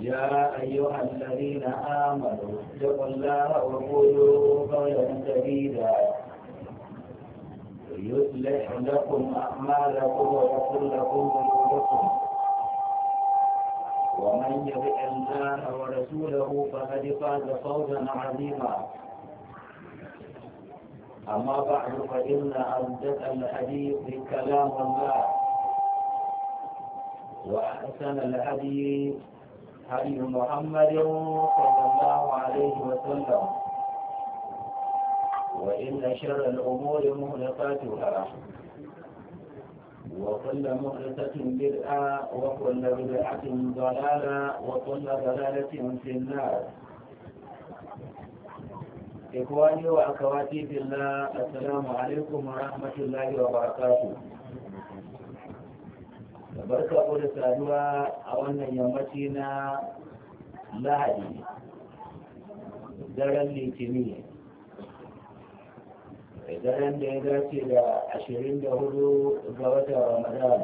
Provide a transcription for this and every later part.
يا أيها الذين آمنوا اتقوا الله وقولوا قولا سديدا يصلح لكم أعمالكم ويغفر لكم ذنوبكم ومن يطع الله ورسوله فقد فاز فوزا عظيما أما بعد فإن أصدق الحديث كلام الله وأحسن الحديث هدي محمد صلى الله عليه وسلم وإن شر الأمور مهلقاتها وكل مهلكة بدعة وكل بدعة ضلالة وكل ضلالة في النار إخواني وأخواتي في الله السلام عليكم ورحمة الله وبركاته da barka da saduwa a wannan yammaci na lahadi daren litini daren da ya dace da ashirin da hudu ga wata ramadan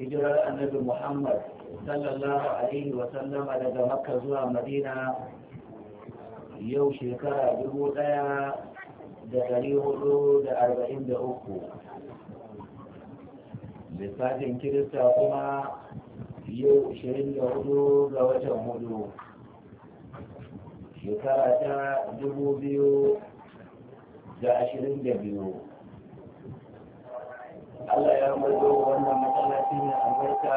hijirar annabi muhammad sallallahu alaihi wasallama daga makka zuwa madina yau shekara dubu daya da dari hudu da arba'in da uku lissafin kirista kuma yau 24 ga watan hudu shekara ta 2022 Allah ya mazo wannan matsalaci na albarka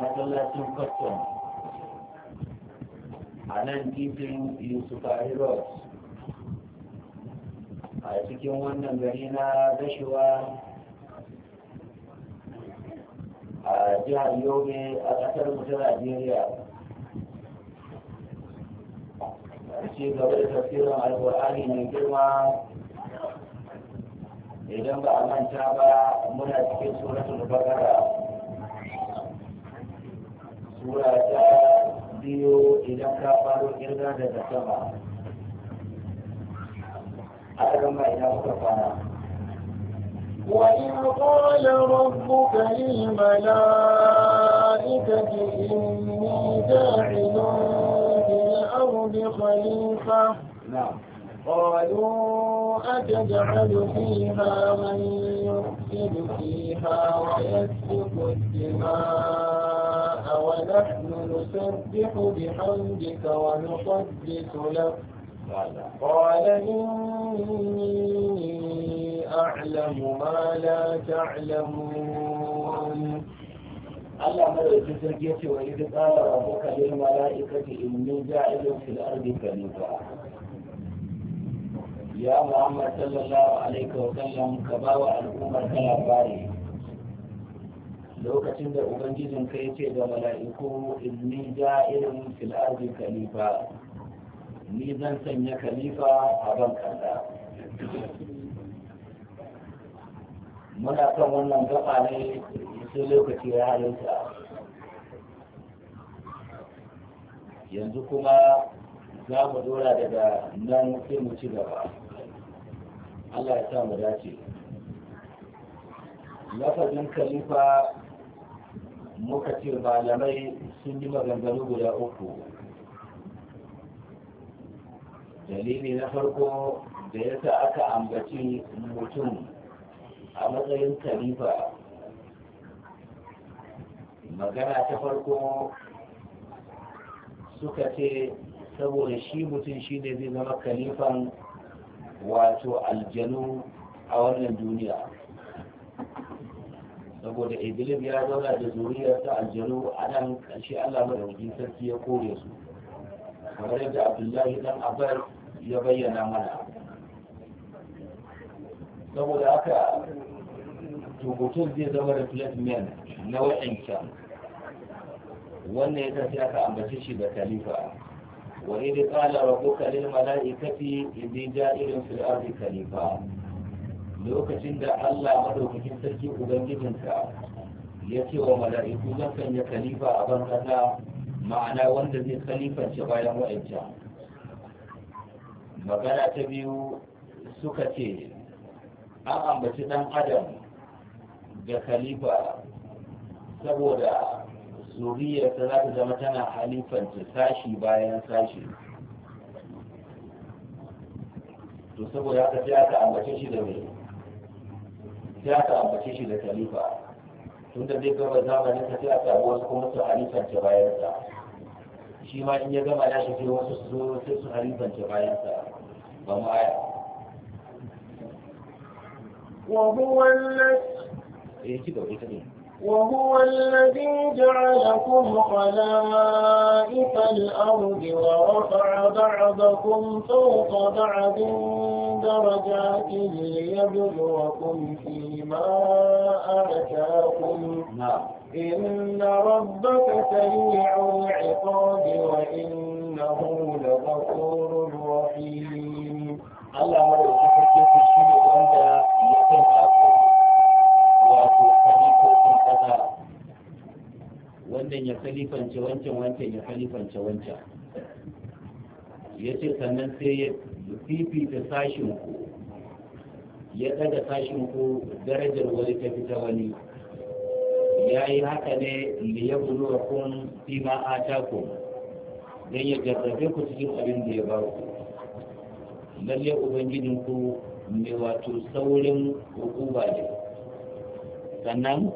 matsalacin custom a nan titin yusufa heroes a cikin wannan gari na gashiwa a jihar yobe a ƙasar mu ta najeriya ci gaba da tafsirin alkur'ani mai girma idan ba a manta ba muna cikin suratul bakara sura ta biyu idan ka faro kirga daga sama a ƙarama ina kuka kwana وإن قال ربك للملائكة إني جاعل في الأرض خليفة نعم قالوا أتجعل فيها من يفسد فيها ويسفك الدماء ونحن نسبح بحمدك ونقدس لك قال إني أعلم ما لا تعلمون الله ملك سجيت وإذ قال ربك للملائكة إني جاعل في الأرض خليفة يا محمد صلى الله عليه وسلم كباوة الأمة كالأباري lokacin da ubangijin kai ce ga mala'iku inni ja'ilun fil ardi khalifa ni zan sanya khalifa a ban kanta muna kan wannan gaba ne sai lokaci ya halinta yanzu kuma za mu dora daga nan sai mu ci gaba Allah ya sa mu dace lafazin khalifa muka ce malamai sun yi maganganu guda uku dalili na farko da ya sa aka ambaci mutum a matsayin kalifa magana ta farko suka ce saboda shi mutum shi ne zai zama kalifan wato aljanu a wannan duniya saboda iblis ya zauna da ta aljanu a nan ƙarshe allah wajen sarki ya kore su kamar yadda abdullahi dan abar ya bayyana mana saboda haka rubutun zai zama da replacement na wa'inka wannan ya tafi aka ambaci shi ga khalifa wa idh qala rabbuka lil mala'ikati inni ja'ilun fil ardi khalifa lokacin da Allah madaukakin sarki ubangijinka ya ce wa mala'iku zan sanya khalifa a ban ma'ana wanda zai khalifance bayan wa'ancan magana ta biyu suka ce an ambaci ɗan adam da khalifa saboda ta za ta zama tana halifanta sashi bayan sashi to saboda haka sai aka ambace shi da mai sai aka ambace shi da khalifa tun da zai gaba zamanin ka sai a samu wasu kuma su halifanta bayansa shi ma in ya gama ya shi wasu su sai su halifanta bayansa وهو الذي وهو الذي جعلكم خلائف الأرض ورفع بعضكم فوق بعض درجات ليبلوكم فيما آتاكم إن ربك سريع العقاب وإنه لغفور رحيم Allah da sarki ku shi ne wanda ya sanya ku wato kalifofin ƙasa. wannan ya kalifance wancan wancan ya kalifance wancan ya ce sannan sai ya fifita sashin ku ya daga sashin ku darajar wani ta fita wani ya yi haka ne ya liyabuluwa kun fi ma ma'ata ku don ya jarrabe ku cikin abin da ya ba ku lalle ubangijin ku mai wato saurin hukuba ne sannan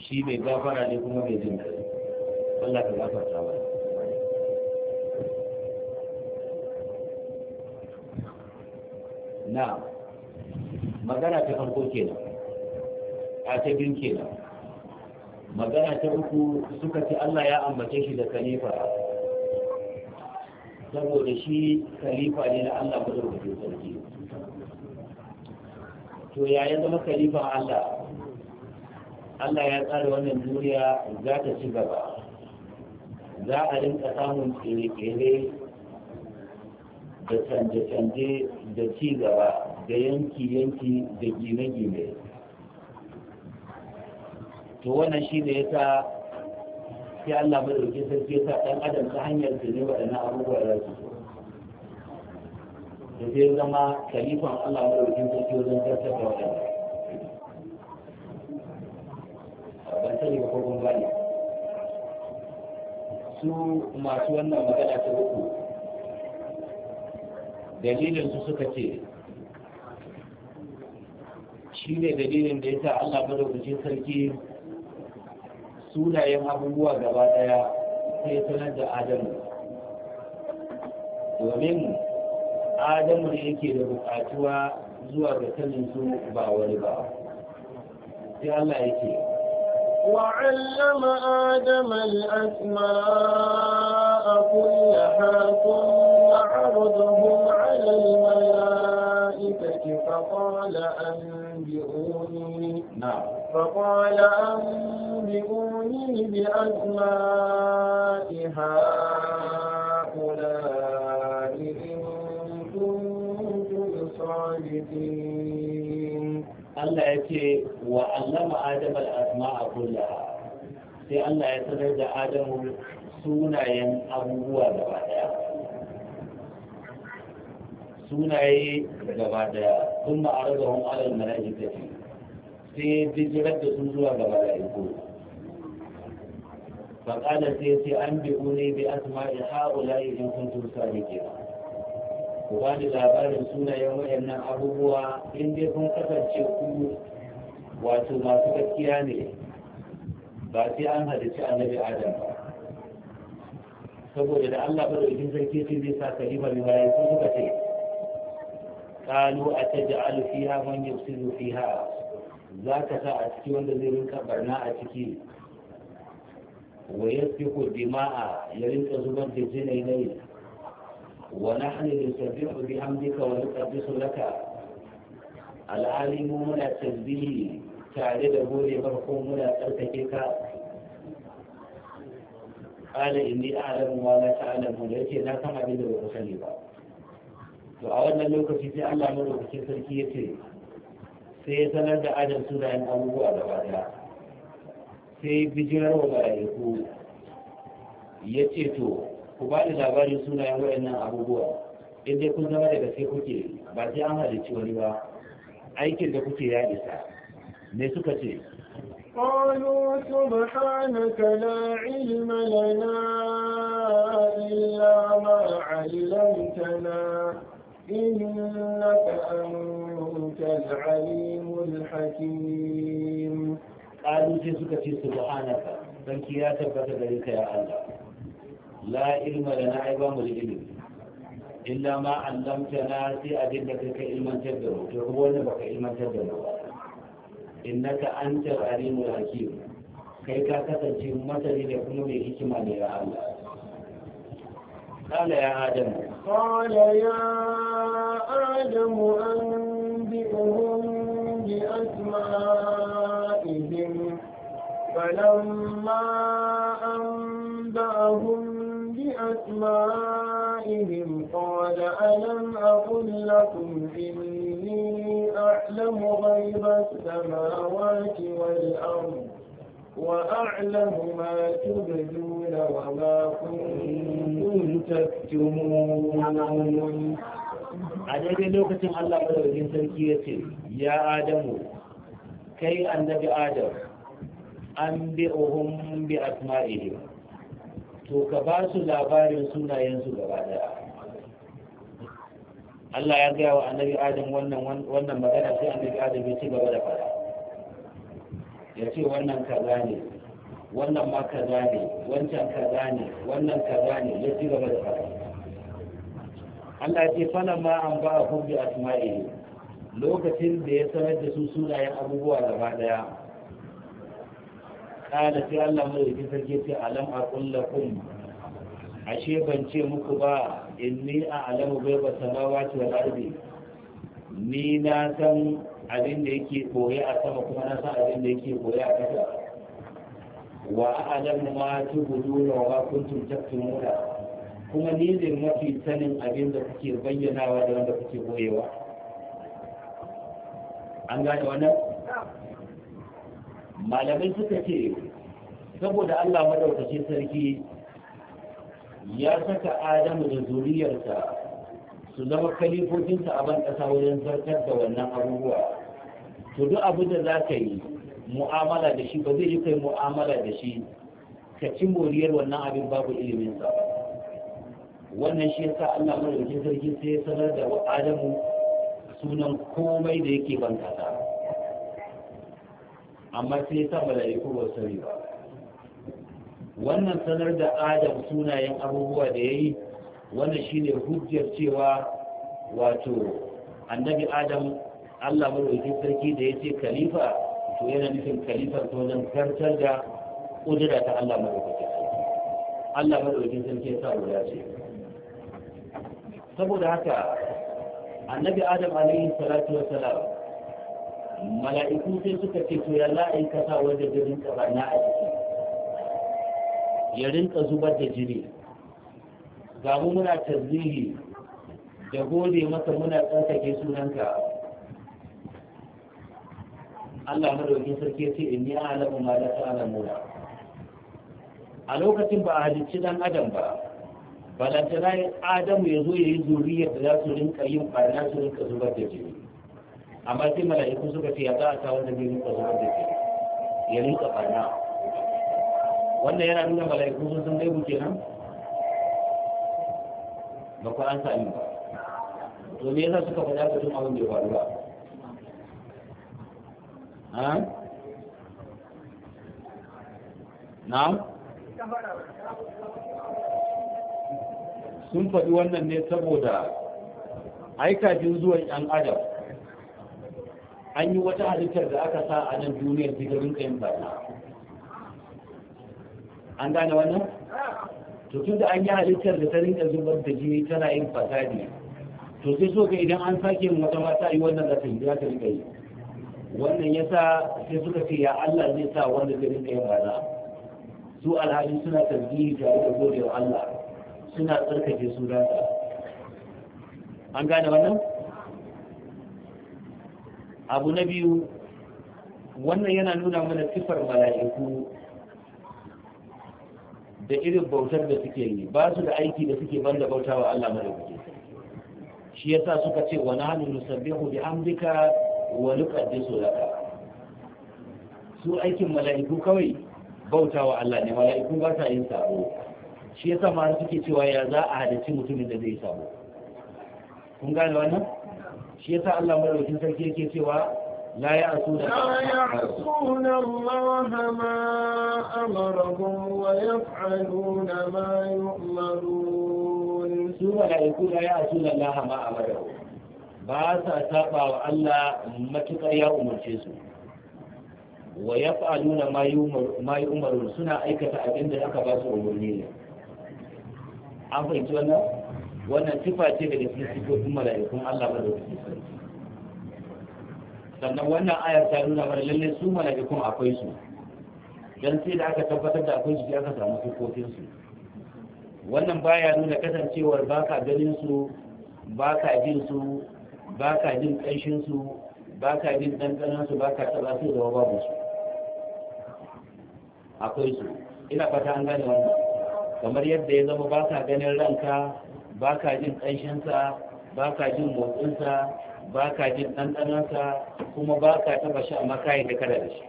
shi mai gafara ne kuma mai jin Allah ka gafarta ba na magana ta farko kenan a ta kenan magana ta uku suka ce Allah ya ambace shi da kalifa saboda shi kalifa ne na Allah madaukakin sarki to ya yi zama kalifa Allah Allah ya tsara wannan duniya za ta ci gaba za a rinka samun tsere-tsere da canje-canje da ci gaba da yanki-yanki da gine-gine to wannan shi ne ya sa sai Allah madauki sarki ya sa ɗan adam ta hanyar da ne waɗannan abubuwa da su da zai zama kalifan Allah madaukin sarki wajen zartar da waɗannan ban sani ba ko kun gane su masu wannan magana ta uku dalilin su suka ce shi ne dalilin da ya sa Allah madaukakin sarki sunayen abubuwa gaba daya sai sanar da adamu domin adamu ne yake da bukatuwa zuwa ga sanin su ba wani ba sai Allah yake وعلم آدم Asma. كلها ثم عرضهم على الملائكة فقال أنبئوني نعم فقال أنبئوني بأسماء هؤلاء إن كنتم صادقين الله يتي وعلم آدم الأسماء كلها sai Allah ya sanar da Adamu sunayen abubuwa gaba daya sunaye gaba daya sun ma'arar da wani alal mala'ikati sai bijirar da sun zuwa gaba da iko faƙada sai sai an bi ne bi asma'i ha'ula idan kun tursa da ke ku ba da labarin sunayen wayannan abubuwa in dai kun kasance ku wato masu gaskiya ne ba sai an hadaci annabi adam ba saboda da Allah ba da idan sarki ce zai sa kalima mai bayan sun suka ce kalu a ta ja'alu fiha man yufsidu fiha za ka sa a ciki wanda zai rinka barna a ciki wa yasfiku dima'a ya rinka zubar da jinai ne wa nahnu nusabbihu bihamdika wa nuqaddisu laka al'alimu muna tasbihi tare da gode farko muna tsarkake ka قال إني na ولا تعلم لكي لا تعلم sani ba. to a wannan lokaci sai Allah madaukakin sarki ya ce sai ya sanar da adam sunayen abubuwa da daya sai bijirar wa mala'iku ya ce to ku ba da labarin sunayen waɗannan abubuwa in dai kun zama da gaske kuke ba sai an halicci wani ba aikin da kuke ya isa me suka ce قالوا سبحانك لا علم لنا إلا ما علمتنا إنك أنت العليم الحكيم قالوا جزك سبحانك بنك يا تبت ذلك يا الله لا علم لنا عبام العلم إلا ما علمتنا في أدلتك علما تبدو تقول لك علما تبدو innaka antal alimul hakim kai ka kasance matali da kuma mai hikima ne ya Allah قال يا آدم قال يا آدم أنبئهم بأسمائهم فلما أنبأهم بأسمائهم قال ألم أقل لكم إني أعلم غيب السماوات والأرض وأعلم ما تبدون وما كنتم تكتمون a daidai lokacin Allah madaukakin sarki ya ce ya adamu kai annabi adam an bi ohun bi asma'ihim to ka ba labarin sunayensu gaba daya Allah ya gaya wa annabi Adam wannan wannan magana sai annabi Adam ya ci gaba da fara ya ce wannan kaza ne wannan ma kaza ne wancan kaza ne wannan kaza ne ya ci gaba da fara Allah ya ce fala ma an ba a bi asma'ihi lokacin da ya sanar da su sunayen abubuwa gaba daya Kana sai Allah mai yake sarki ce alam aqul lakum ashe ban ce muku ba inni a alamu bai ba ce wa ɗarbe ni na san abin da yake koya a sama kuma na san abin da yake koya a ƙasa wa a'lamu ma na wa kuntum muna kuma ni ne mafi sanin abin da kuke bayyanawa da wanda kuke koyewa an gane wannan malamai suka ce saboda Allah madaukake sarki ya saka adamu da zuriyarsa su zama kalifofinsa a ban ƙasa wajen zartar da wannan abubuwa to duk abin da za ka yi mu'amala da shi ba zai yi kai mu'amala da shi ka ci moriyar wannan abin babu iliminsa wannan shi yasa Allah madaukakin sarki sai ya sanar da Adamu sunan komai da yake ban kasa amma sai ya sa malaiku ba sani ba wannan sanar da adam sunayen abubuwa da ya yi wannan ne hujjar cewa wato annabi adam allah marwakin sarki da ya ce khalifa to yana nufin khalifar ta wajen zartar da ƙudura ta allah marwakin sarki allah marwakin sarki ya sa guda ce saboda haka annabi adam alaihi salatu wasalam mala'iku sai suka ce to ya la'aikata wajen garin kabana a ciki ya rinka zubar da jini ga mu muna tasbihi da gode masa muna tsarkake sunanka Allah madaukin sarki ce in ya alamu ma da ta alamuna a lokacin ba a halicci dan adam ba balantana adamu ya zo ya yi zuriyar da za su rinka yin ɓarna su rinka zubar da jini amma sai mala'iku suka ce ya za a sa wanda zai rinka zubar da jini ya rinka ɓarna. wannan yana nuna mala'iku sun san gaibu nan ba ku an sami ba to ne yasa suka faɗa ka tun abin bai faru ba na sun faɗi wannan ne saboda aikafin zuwan ɗan adam an yi wata halittar da aka sa a nan duniyar fitarin garin kayan an gane wannan to tun da an yi halittar da ta rinka zubar da jini tana yin fasadi to sai so ga idan an sake wata mata yi wannan da ta yi ta rinka yi wannan ya sa sai suka ce ya Allah zai sa wanda zai rinka yin baza su alhali suna tasbihi da gode wa Allah suna tsarkake ta. an gane wannan abu na biyu wannan yana nuna mana sifar mala'iku da irin bautar da suke yi ba su da aiki da suke banda bauta wa Allah madaukake shi yasa suka ce wa nahnu nusabbihu bihamdika wa nuqaddisu laka su aikin mala'iku kawai bauta wa Allah ne mala'iku ba sa yin sabo shi yasa ma suke cewa ya za a hadace mutumin da zai sabo kun gane wannan shi yasa Allah madaukakin sarki yake cewa لا يعصون الله ما أمرهم ويفعلون ما يؤمرون ثم لا يقول لا يعصون الله ما أمرهم باسا سابا ألا متقر يا أمر جيسو ويفعلون ما يؤمر ما يؤمر سنة أيكة أبين ذلك باسو أمرنين an fahimci wannan wannan sifa ce daga cikin sifofin mala'ikun Allah sannan wannan ayar ta nuna mana lalle su mala'ikun akwai su dan sai da aka tabbatar da akwai su aka samu sifofin su wannan baya nuna kasancewar baka ganin su baka jin su baka jin kanshin su baka jin dandanan su baka taba su da babu su akwai su ina fata an gane wannan kamar yadda ya zama baka ganin ranka baka jin kanshin sa baka jin motsin sa ba ka jin ɗanɗanonsa kuma ba ka taɓa shi a makayin da kada da shi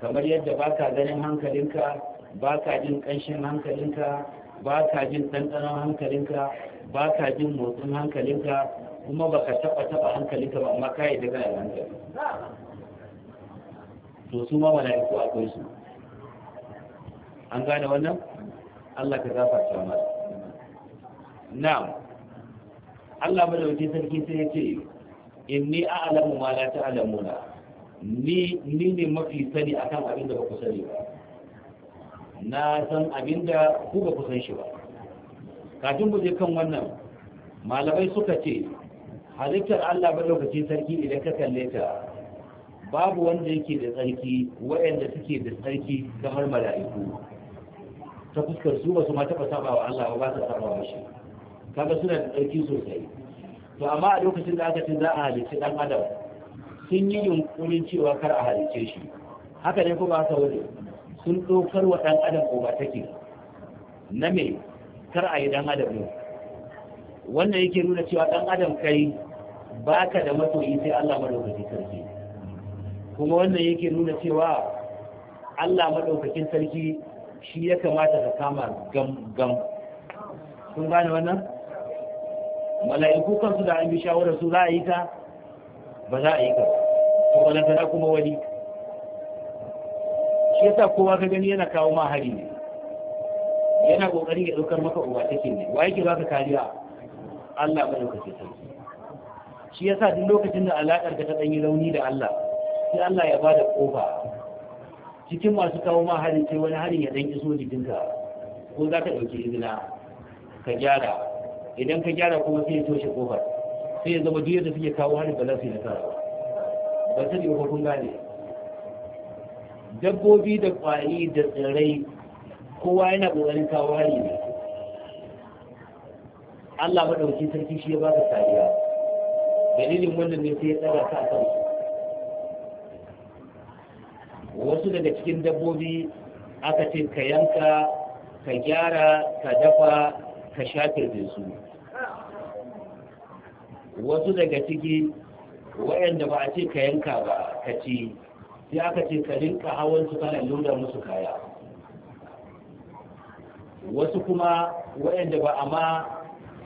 kamar yadda ba ka ganin hankalinka ba ka jin ƙanshin hankalinka ba ka jin ɗanɗanon hankalinka ba ka jin motsin hankalinka kuma ba ka taɓa taɓa hankalinka ba amma kayi da kada da hankali to su ma mala'iku akwai su an gane wannan Allah ka gafarta mana na'am Allah madaukakin sarki sai ya ce inni a'lamu ma la ta'lamuna ni ni ne mafi sani akan abin da ba ku sani na san abin da ku ba ku san shi ba kafin mu je kan wannan malamai suka ce halittar Allah madaukakin sarki idan ka kalle ta babu wanda yake da sarki waɗanda suke da tsarki kamar mala'iku ta fuskar su ba su ma taɓa saba wa Allah ba ba su saba shi kaga suna da tsarki sosai to amma a lokacin da aka ce za a halicci dan adam sun yi yunkurin cewa kar a halicce shi haka ne kuma aka wani sun ɗaukar wa ɗan adam ko ba take na me kar a yi ɗan adam ne wannan yake nuna cewa ɗan adam kai baka da matoyi sai Allah madaukaki sarki kuma wannan yake nuna cewa Allah madaukakin sarki shi ya kamata ka kama gam gam kun gane wannan mala'iku kansu da an bi shawarar su za a yi ta ba za a yi ka to ta kuma wani shi yasa kowa ka gani yana kawo ma hari ne yana kokari ya dukar maka uba take ne wa yake ka kariya Allah ba lokaci ta shi yasa duk lokacin da alakar ka ta danyi rauni da Allah sai Allah ya bada kofa cikin masu kawo ma hari sai wani hari ya dan iso jikinka ko za ka dauki izina ka gyara idan ka gyara kuma sai ya toshe kofar sai ya zama duk yadda suke kawo hannun ba za su yi nasara ba sani ba kun gane dabbobi da kwari da tsirrai kowa yana ƙoƙarin kawo hari ne Allah ɗauki sarki shi ya ba ka kariya dalilin wannan ne sai ya tsara ta a kansu wasu daga cikin dabbobi aka ce ka yanka ka gyara ka dafa ka shafe su wasu daga ciki wayanda ba a ce ka yanka ba ka ci sai aka ce ka rinka hawan su kana lura musu kaya wasu kuma wayanda ba a ma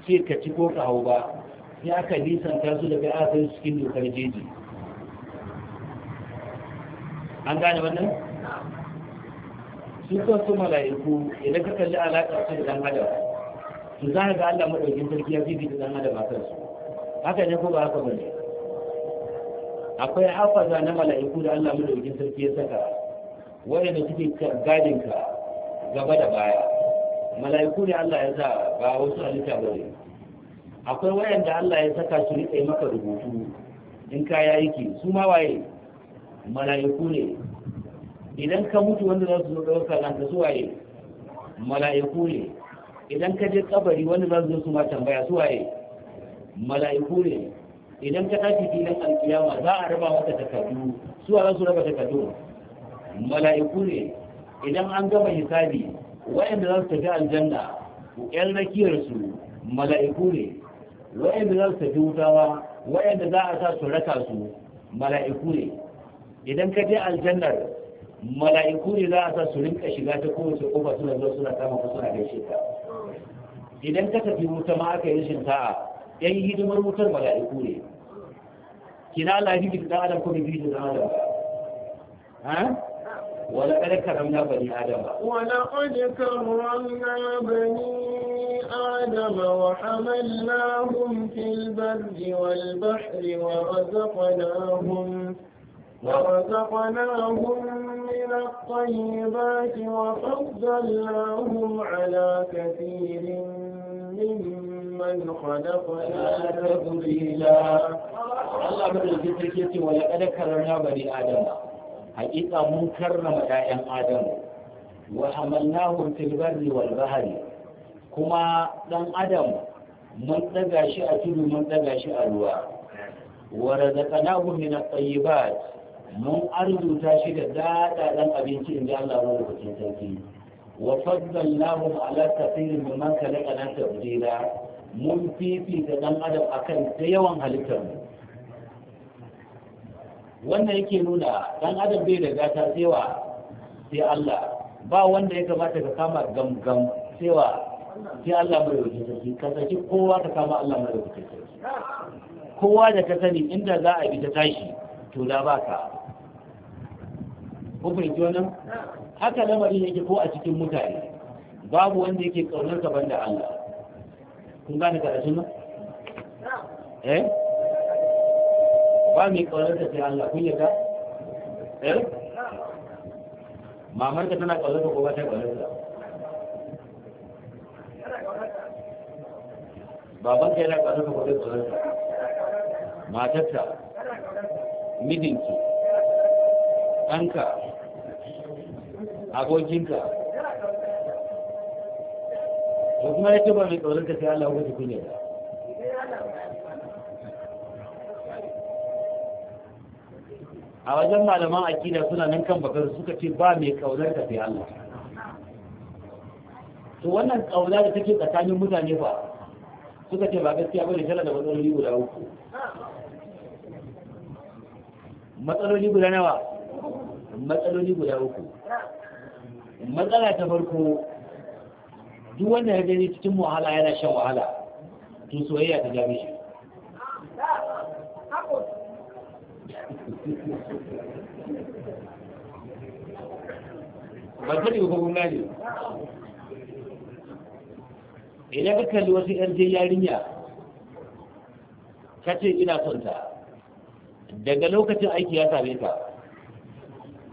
ce ka ci ko ka hau ba sai aka nisanta su daga akan cikin dokar jeji an gane wannan su kan su mala'iku idan ka kalli alaƙa su da dan adam Su za ga Allah maɗaukin sarki ya fifita ɗan adam a kansu haka ne ko ba haka bane akwai hafaza na mala'iku da Allah maɗaukin sarki ya saka wanda suke gadin ka gaba da baya mala'iku ne Allah ya sa ba wasu halitta ne. akwai da Allah ya saka su riƙe maka rubutu in ka yi aiki su ma waye mala'iku ne idan ka mutu wanda za su zo ɗauka nan ka su waye mala'iku ne idan ka je kabari wani za su su ma tambaya su waye mala'iku ne idan ka tafi filin alkiyama za a raba maka takardu su za su raba takardu mala'iku ne idan an gama hisabi wayanda za su tafi aljanna yan rakiyar su mala'iku ne wayanda za su tafi wutawa wayanda za a sa su raka su mala'iku ne idan ka je aljannar mala'iku ne za a sa su rinka shiga ta kowace kofa suna zo suna kama ku suna gaishe ka gidan ka tafi wuta ma aka yi rashin sa'a yan hidimar wutar ba da mala'iku ne kina lafi da adam ko bi gidan da adam ha wala kada ka ramna bani adam ba wala qad karamna bani adam wa hamalnahum fil barri wal bahri wa razaqnahum ورزقناهم من الطيبات وفضلناهم على كثير ممن خلقنا تفضيلا الله بدل ذكرك ولقد كرمنا بني آدم حقيقة منكرنا كرم آدم وحملناهم في البر والبحر كما دان آدم من دغا شي أتلو من دغا شي أروا ورزقناهم من الطيبات من أرض تاشد دادا دان أبنتي إن جاء الله ولو كنت وفضلناهم على كثير ممن خلقنا تفضيلا mun fifita dan adam akan da yawan halittar mu wannan yake nuna dan adam bai da gata cewa sai Allah ba wanda ya kamata ka kama gamgam cewa sai Allah mai rubuce sarki ka saki kowa ka kama Allah mai rubuce sarki kowa da ka sani inda za a bi ta tashi to da baka ku fahimci wannan haka lamarin yake ko a cikin mutane babu wanda yake kaunar ka banda Allah kun gane karatun nan eh ba mai kaunar ka sai Allah kun yarda eh mamar ka tana kaunar ka ko ba ta kaunar ka baban ka yana kaunar ka ko ta kaunar ka matarka midinki ɗanka abokinka da kuma ya ce ba mai tsoron ka sai Allah wata kunya ba a wajen malaman akida suna nan kan bakar suka ce ba mai kaunar ka sai Allah to wannan kauna da take tsakanin mutane ba suka ce ba gaskiya bane tana da matsaloli guda uku matsaloli guda nawa matsaloli guda uku matsala ta farko duk wanda ya gani cikin wahala yana shan wahala to soyayya ta jami shi ba ta ne kogon gani idan ka kalli wasu yan je yarinya ka ce ina son ta daga lokacin aiki ya same ka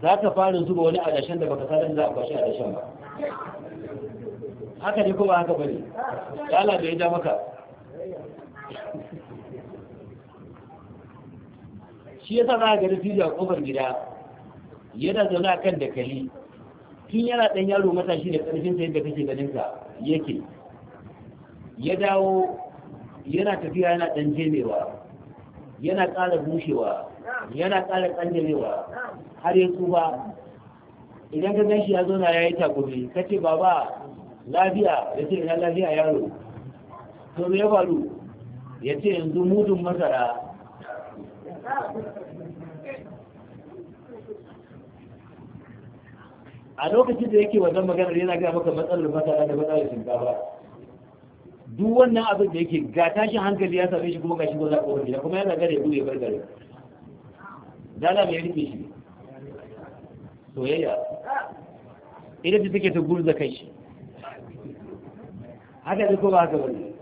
za ka fara zuba wani adashen da baka sanar za a kwashe adashen ba haka ne kuma ba haka bane yala da ya ja maka shi yasa za ga rufi a kofar gida yana zaune a kan dakali tun yana ɗan yaro matashi da ƙarfin yadda kake ganin sa yake ya dawo yana tafiya yana ɗan jemewa yana ƙara bushewa yana ƙara ƙanjarewa har ya tsufa idan ka gan shi ya zona ya yi takobi ka ce baba lafiya ya ce ina lafiya yaro to me ya faru ya ce yanzu mudun masara a lokacin da yake wajen maganar yana gaya maka matsalar masara da matsalar shinkafa duk wannan abin da yake ga tashin hankali ya same shi kuma ga ko gwaza ko gida kuma yana zagar ya bar gare dala mai rike shi soyayya idan ta take ta gurza kai shi haka zai ko ba haka bane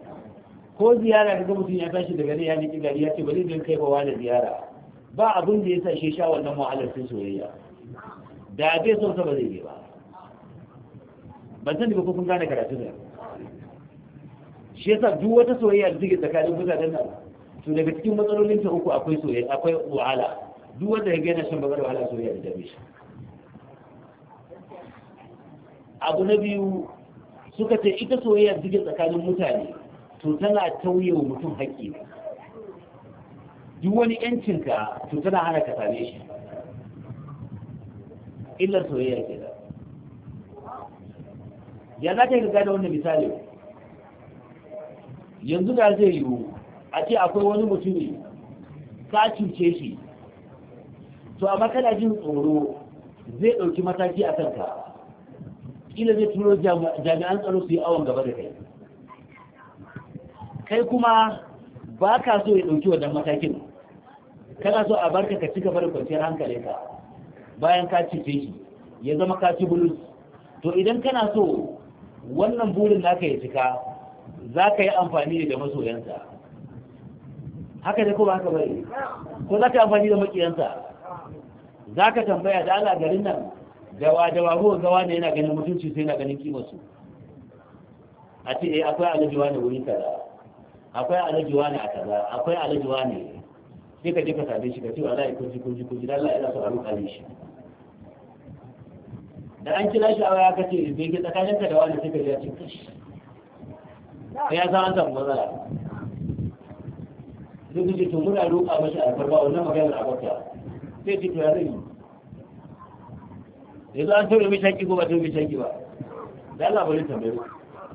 ko ziyara da ga mutum ya tashi daga gari ya niki gari ya ce ba zai kai ba wani ziyara ba abin da ya sa shi sha wannan mu'alar sun soyayya da bai son sa ba zai yi ba ban san da ko kun gane karatu da shi yasa duk wata soyayya da take tsakanin mutanen nan to daga cikin matsalolin ta uku akwai soyayya akwai wahala duk wanda ya gane shan bagar wahala soyayya da dame shi abu na biyu suka ce ita soyayya da take tsakanin mutane to tana tauye wa mutum haƙƙi duk wani yancinka to tana hana ka same shi illar soyayya ke da ya za ka yi gada wannan misali yanzu da zai yiwu a ce akwai wani mutumi ka cuce shi to amma kana jin tsoro zai ɗauki mataki a kanka ila zai turo jami'an tsaro su yi awon gaba da kai kai kuma ba ka so ya ɗauki wadda matakin kana so a barka ka ci gaba kwanciyar hankali ka, bayan ka cuce shi ya zama ka ci bulus to idan kana so wannan burin naka ya cika za ka yi amfani da masoyansa haka ne ko ba haka bari ko za ka yi amfani da makiyanta za ka tambaya da ala garin nan dawa dawa ruwan gawa ne yana ganin mutunci sai yana ganin kimasu. a ce eh akwai alajiwa ne wurin kaza akwai alajiwa ne a kaza akwai alajiwa ne sai ka je ka sabe shi ka ce wala ya kunji kunji kunji dan Allah ya so a roƙa shi da an kira shi a waya ka ce bai ke tsakaninka da wani sai ka ji a cikin ya san an samu matsala duk da to muna roƙa mashi alfarma wannan maganar abarta sai ce to ya zai yanzu an tore mai shaki ko ba tore mai shaki ba da Allah bari tambaye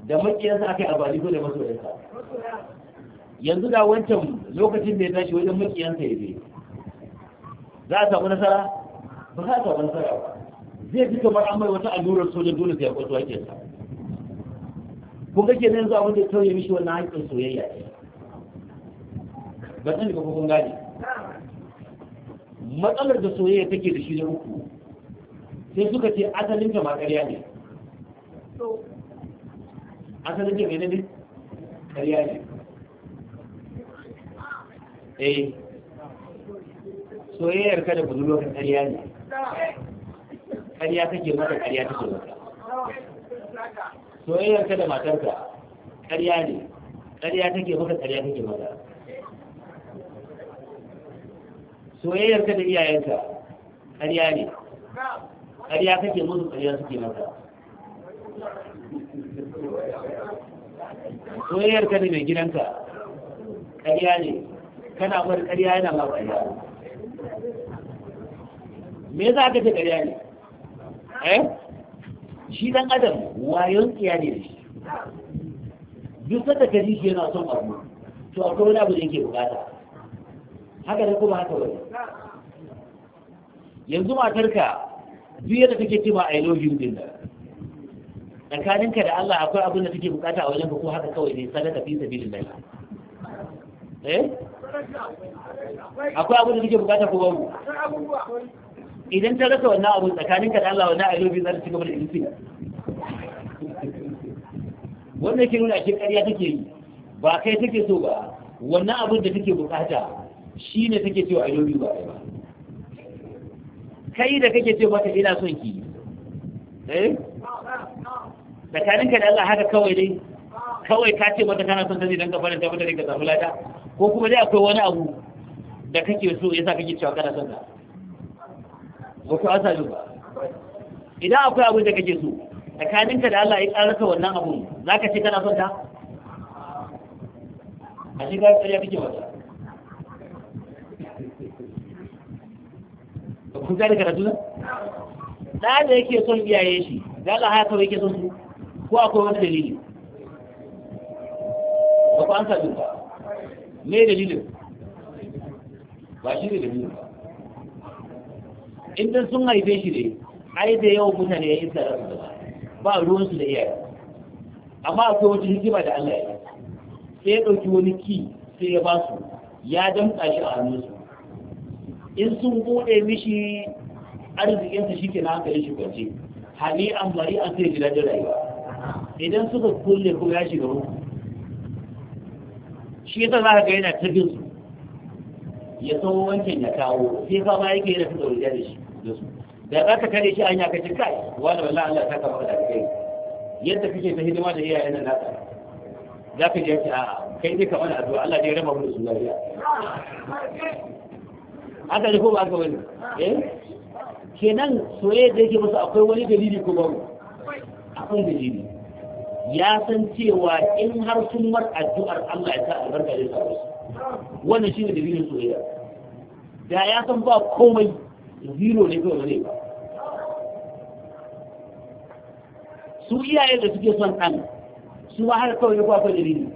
da makiyarsa aka yi abali ko da masoyarsa yanzu da wancan lokacin da ya tashi wajen makiyansa ya je za a samu nasara ba za a samu nasara ba zai fi kamar an mai wata allurar sojan dole sai ya kwato ake ko ga kenan yanzu abin da tauye mishi wannan haƙƙin soyayya ce ba sani ba kun gane matsalar da soyayya take da shi na uku sai suka ce asalin ga makariya ne asalin ga menene karya ne eh soyayyar ku da kan karya ne karya take mata karya take mata soyayyar ka da matarka ƙarya ne ƙarya take maka ƙarya take maka soyayyar ka da iyayenka ƙarya ne ƙarya kake musu ƙarya suke maka soyayyar ka da mai gidanka ƙarya ne kana bar ƙarya yana ma ƙarya me yasa aka ce ƙarya ne eh shi dan adam wayon tsiya ne da shi duk sanda ka ji shi yana son abu to akwai wani abu da yake bukata haka da kuma haka wani yanzu ka, duk yadda take ce ma I love you din ka da Allah akwai abin da take bukata a wajen ko haka kawai ne sadaka fi sabilillah eh akwai abin da take bukata ko babu idan ta rasa wannan abu tsakanin ka da Allah wannan ayo za ta ci gaba da ilimi wannan ke nuna ke ƙarya take yi ba kai take so ba wannan abu da take bukata shine take cewa ayo bi ba kai da kake ce mata ina son ki eh tsakanin ka da Allah haka kawai dai kawai ka ce mata kana son ta ne dan ka faranta mata ne samu lada ko kuma dai akwai wani abu da kake so yasa kake cewa kana son ta ba ku asa ba idan akwai abin da kake so tsakaninka da Allah ya karasa wannan abun za ka ce kana son ta a shi kawai tsariya kake wata kun gane karatu na ɗa da yake son iyaye shi da Allah haka kawai yake son su ko akwai wani dalili ba ku an sa ba me dalilin ba shi ne dalilin ba Indan sun haife shi ne ai da yau mutane ya yi isa da ba ruwansu da iyaye amma akwai kowace hikima da Allah ya sai ya ɗauki wani ki sai ya basu. ya damƙa shi a hannunsu in sun buɗe mishi arzikinsa shi ke na hankali shi kwanci hali an bari an sai gida da rayuwa idan suka kulle ko ya shiga ruku shi sa za ka ga yana ta su ya san wancan ya kawo sai fa ma yake da fito da da shi da su da za ka kare shi anya ka ci kai wani wallahi Allah ta kama da kai yadda kake ta hidima da iyayen nan naka za ka je ka a kai ne kamar addu'a Allah ya raba mu da su lafiya haka ne ko ba ka wani eh kenan soyayya da yake musu akwai wani dalili ko babu akwai dalili ya san cewa in har sun mar addu'ar Allah ya sa albarka da su wannan shi da dalilin soyayya da ya san ba komai zero ne kawai ne su iyaye da suke son ɗan su ma har kawai ko akwai dalili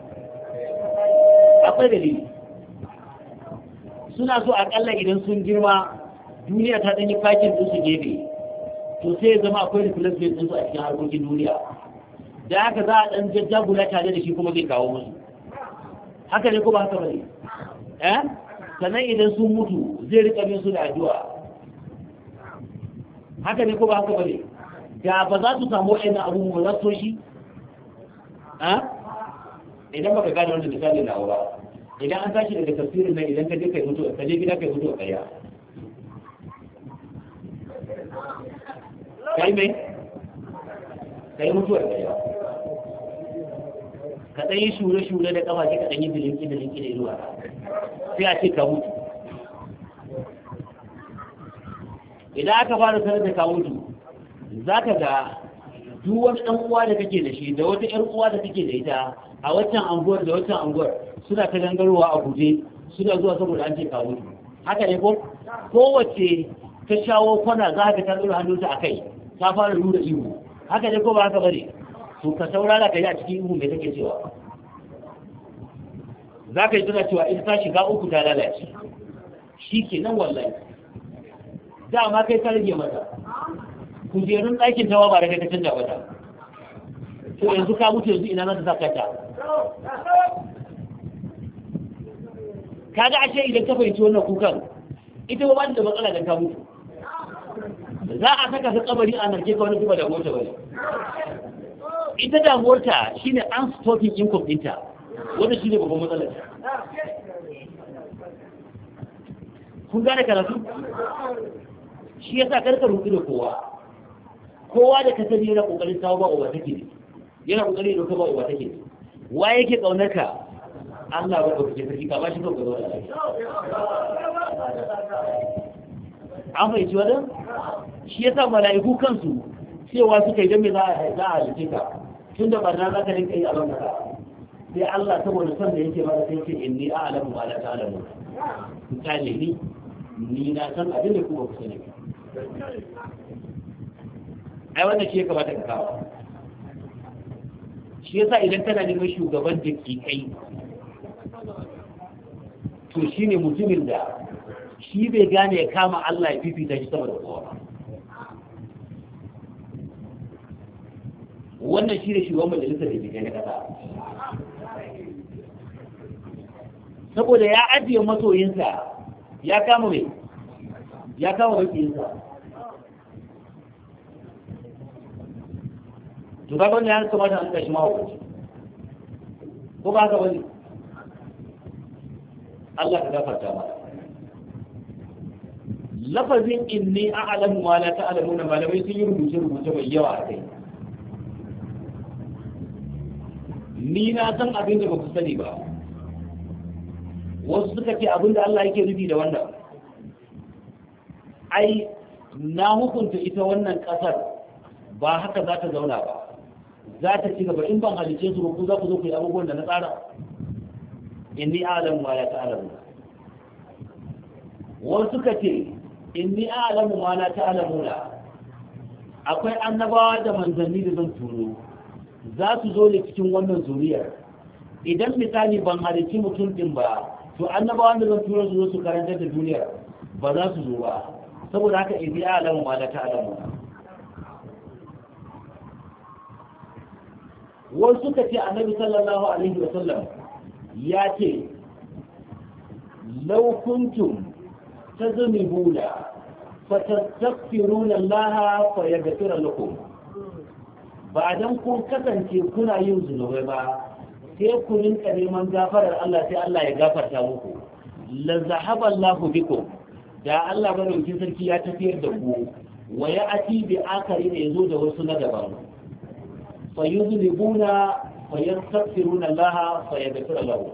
akwai dalili suna so akalla idan sun girma duniya ta ɗanyi fakin su su gefe to sai zama akwai replacement ɗinsu a cikin harkokin duniya da haka za a ɗan jajjagula tare da shi kuma zai kawo musu haka ne ko ba haka bane eh sanan idan sun mutu zai rika bin su da addu'a haka ne ko ba haka bane da ba za su samu abu ba za su shi eh? idan baka gane wanda misali na ba idan an tashi daga tafsirin nan idan ka je kai mutu ka je gida kai mutu a ƙarya kai mai kai mutu a ƙarya ka yi shure-shure da kafa ka ɗan yi bilinki bilinki da iluwa sai a ce ka mutu idan aka fara sanar da ka mutu za ka ga duk wani ɗan uwa da kake da shi da wata ‘yar uwa da kake da ita a waccan anguwar da waccan anguwar suna ta gangarwa a guje suna zuwa saboda an ce ka mutu haka ne ko kowace ta shawo kwana za ka ta ɗora hannunta a kai ta fara lura ihu haka ne ko ba haka bane suka saurara ka yi a cikin ihu mai take cewa za ka yi tuna cewa in ta shiga uku ta lalace shi ke nan wallahi dama kai ta rage mata kujerun ɗakin tawa ba da kai ta canja mata to yanzu ka mutu yanzu ina za ta Ka ga ashe idan ka fahimci wannan kukan ita ba da matsala da ta mutu za a saka su kabari a narke ka wani zuba da mota ba ita damuwarta ne an stokin income ɗinta wanda ne babban matsalar kun gane karatu shi ya sa karka rufi da kowa kowa da ka sani yana kokarin sawo ba uba take ne yana kokarin doka ba uba take ne wa yake kaunar ka Allah ba ka fice sarki ka ba shi kan gaba da an fahimci wadda shi sa mala'iku kansu cewa suka yi don me za a halitta tun da barna za ka rinka yi a da kasa sai Allah saboda son da yake ba sai ce inni a'lamu wa la ta'lamu misali ni ni na san abin da ku ba ku sani ai wannan shi ya kamata ka kawo shi yasa idan kana neman shugaban da ke kai to shine mutumin da shi bai gane ya kama Allah ya fifita shi saboda kowa wannan shi ne shugaban majalisar da ke na kasa saboda ya ajiye masoyinsa ya kama mai ya kama rikiyinsa to ba wanda ya kamata an kashi mahaukaci ko ba haka wani Allah ka gafarta ba lafazin inni a'lamu ma la ta'lamuna malamai sun yi rubuce rubuce mai yawa a kai ni na san abin da ba ku sani ba wasu suka ce abin da Allah yake rubi da wannan ai na hukunta ita wannan kasar ba haka za ta zauna ba za ta ci gaba in ban halice su ku za ku zo ku yi abubuwan da na tsara inni alamu ma ta'ala ta'lamu wasu suka ce inni alamu ma ta'ala ta'lamu akwai annabawa da manzanni da zan turo za su zo ne cikin wannan zuriyar idan misali ban halici mutum din ba to naba wanda zan tura su zo su karanta da duniya ba za su zo ba saboda haka ibi alamu ma da ta alamu Wani suka ce annabi sallallahu alaihi wa sallam ya ce ta law kuntum tazmibuna fatastaghfiruna allaha fayaghfir lakum ba dan kun kasance kuna yin zunubai ba sai ku rinka neman gafarar Allah sai Allah ya gafarta muku la zahaba Allahu bikum da Allah madaukakin sarki ya tafiyar da ku wa ya ati bi akari ne yazo da wasu na daban fa yuzlibuna fa yastaghfiruna Allah fa yaghfiru lahu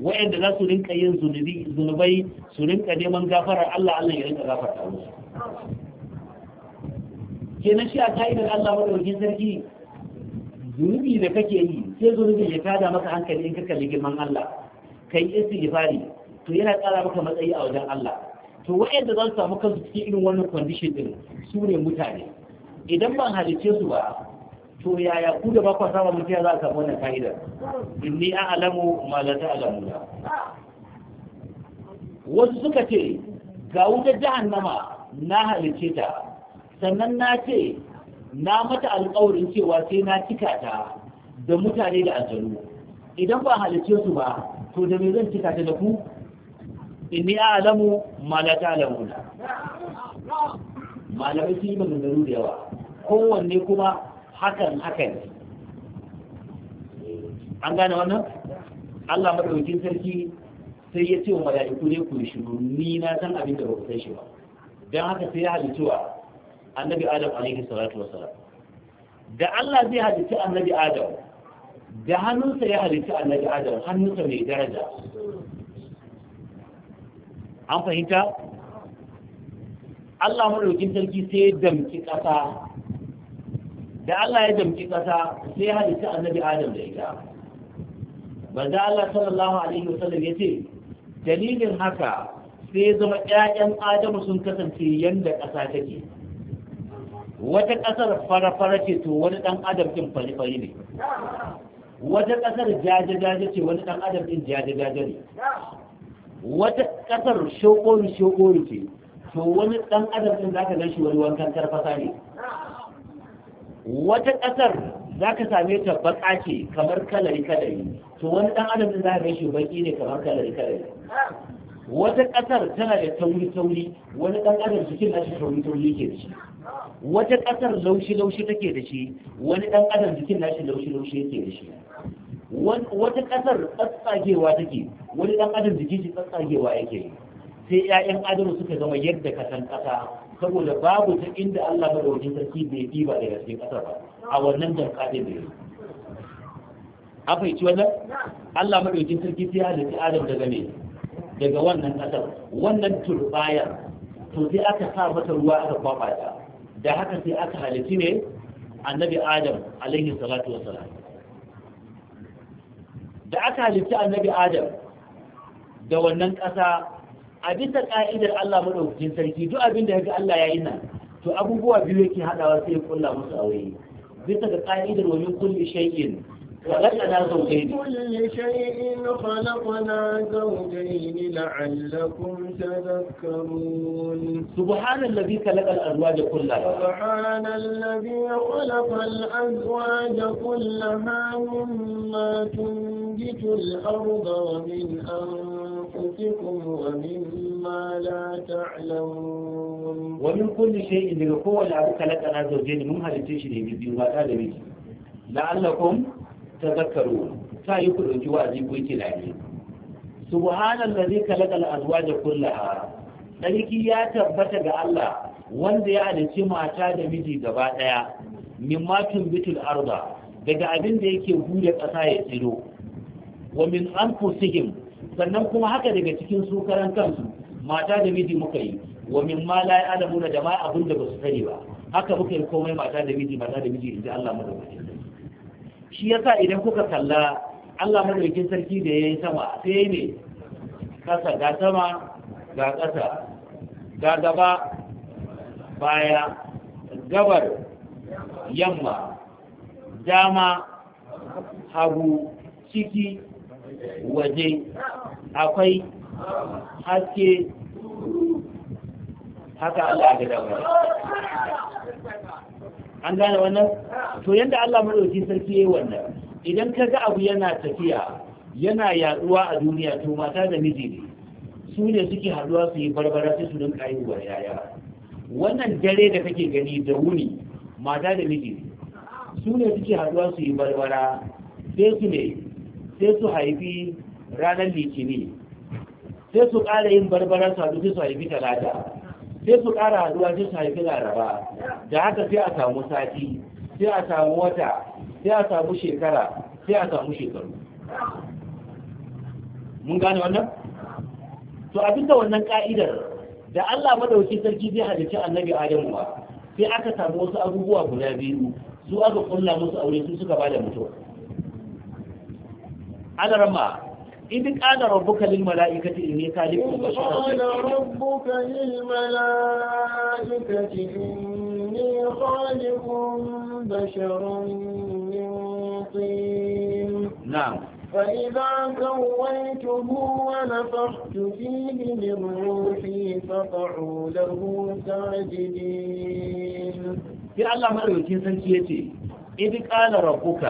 wa'anda za su rinka yin zunubi zunubai su rinka neman gafarar Allah Allah ya rinka gafarta musu kenan shi a ta'idar Allah madaukakin sarki zunubi da kake yi sai zunubi ya tada maka hankali in ka da girman Allah kai istighfari to yana tsara maka matsayi a wajen Allah to waɗanda za samu kansu cikin irin wannan condition din su ne mutane idan ban halice su ba to yaya ku da bakwa sama mutiya za a samu wannan fa'ida inni a'lamu ma la ta'lamu wasu suka ce ga wutar jahannama na halice ta sannan na ce na mata alƙawarin cewa sai na cika ta da mutane da aljanu idan ba halicce su ba to da me zan cika ta da ku inni a'lamu ma la ta'lamuna malamai sun yi maganganu da yawa kowanne kuma hakan hakan an gane wannan Allah madaukakin sarki sai ya ce wa mala'iku ne ku shiru ni na san abin da ba ku san shi ba dan haka sai ya halittuwa. wa annabi adam alaihi salatu salam da Allah zai halitta annabi adam da hannunsa ya halitta annabi adam hannunsa mai daraja an fahimta Allah dauki sarki sai ya damki ƙasa da Allah ya damki ƙasa sai ya halitta annabi adam da ita banda Allah sallallahu alaihi wasallam ya ce dalilin haka sai zama 'ya'yan adamu sun kasance yanda ƙasa take wata ƙasar fara-fara ce to wani ɗan adam ɗin fari-fari ne wata ƙasar jaje-jaje ce wani ɗan adam ɗin jaje-jaje ne wata ƙasar shokoru-shokoru ce to wani ɗan adam ɗin zaka gan shi wani wankan karfasa ne wata ƙasar za ka same ta baƙa ce kamar kalari kalari to wani ɗan adam ɗin zaka gan shi baƙi ne kamar kalari kalari wata ƙasar tana da tauri-tauri wani ɗan adam cikin nashi tauri-tauri ke da shi wata ƙasar laushi-laushi take da shi wani ɗan adam cikin nashi laushi-laushi yake da shi wata ƙasar tsatsagewa take wani ɗan adam jikin shi tsatsagewa yake sai 'ya'yan adam suka zama yadda kasan ƙasa saboda babu ta inda Allah madaukakin sarki bai ba daga cikin ƙasar ba a wannan danka da yi a fahimci wannan Allah madaukakin sarki sai ya halitta adam daga ne daga wannan ƙasar wannan turbayar to sai aka sa mata ruwa aka kwaba ta da haka sai aka halitti ne annabi adam alaihi salatu salam da aka halitti annabi adam da wannan ƙasa a bisa ka'idar Allah madaukakin sarki duk abin da ga Allah yi nan to abubuwa biyu yake hadawa sai ya kulla musu aure bisa ga ka'idar wa min kulli shay'in وخلقنا زوجين كل شيء خلقنا زوجين لعلكم تذكرون سبحان الذي خلق الأزواج كلها سبحان الذي خلق الأزواج كلها مما تنبت الأرض ومن أنفسكم ومما لا تعلمون ومن كل شيء لقوة الأبو خلقنا زوجين مم هل تشري ببيوات هذا لعلكم tazakkaru ta yi ku dauki wa'azi ku yi tunani subhanallazi khalaqal azwaja kullaha sarki ya tabbata ga Allah wanda ya halicci mata da miji gaba daya mimma tumbitul arda daga abin da yake hure ƙasa ya tsiro wa min anfusihim sannan kuma haka daga cikin su karan kansu mata da miji muka yi wa min ma la ya'lamuna da ma abin da basu sani ba haka muka yi komai mata da miji mata da miji inda Allah madaukaki shi yasa idan kuka kalla Allah madaukin sarki da ya yi sama sai ne kasa ga sama ga ƙasa ga gaba baya gabar yamma dama hagu ciki waje akwai haske haka Allah ga damar an gane wannan to yanda Allah madauki sarki yayi wannan idan ka ga abu yana tafiya yana yaduwa a duniya to mata da miji ne su ne suke haduwa su yi barbara sai su dinka yi wa yaya wannan dare da kake gani da wuni mata da miji ne su ne suke haduwa su yi barbara sai su ne sai su haifi ranar litini sai su ƙara yin barbara su haɗu sai su haifi talata sai su ƙara zuwa sai su haifi laraba da haka sai a samu sati sai a samu wata sai a samu shekara sai a samu shekaru mun gane wannan to a da wannan ka'idar da Allah madauki sarki zai halicci annabi Adamu ba sai aka samu wasu abubuwa guda biyu su aka kulla musu aure su suka da mutuwa alarma إذ قال ربك للملائكة إني خالق بشرا قال ربك للملائكة إني خالق بشرا من طين نعم فإذا سويته ونفخت فيه من روحي فقعوا له ساجدين في الله مرة يتنسى إذ قال ربك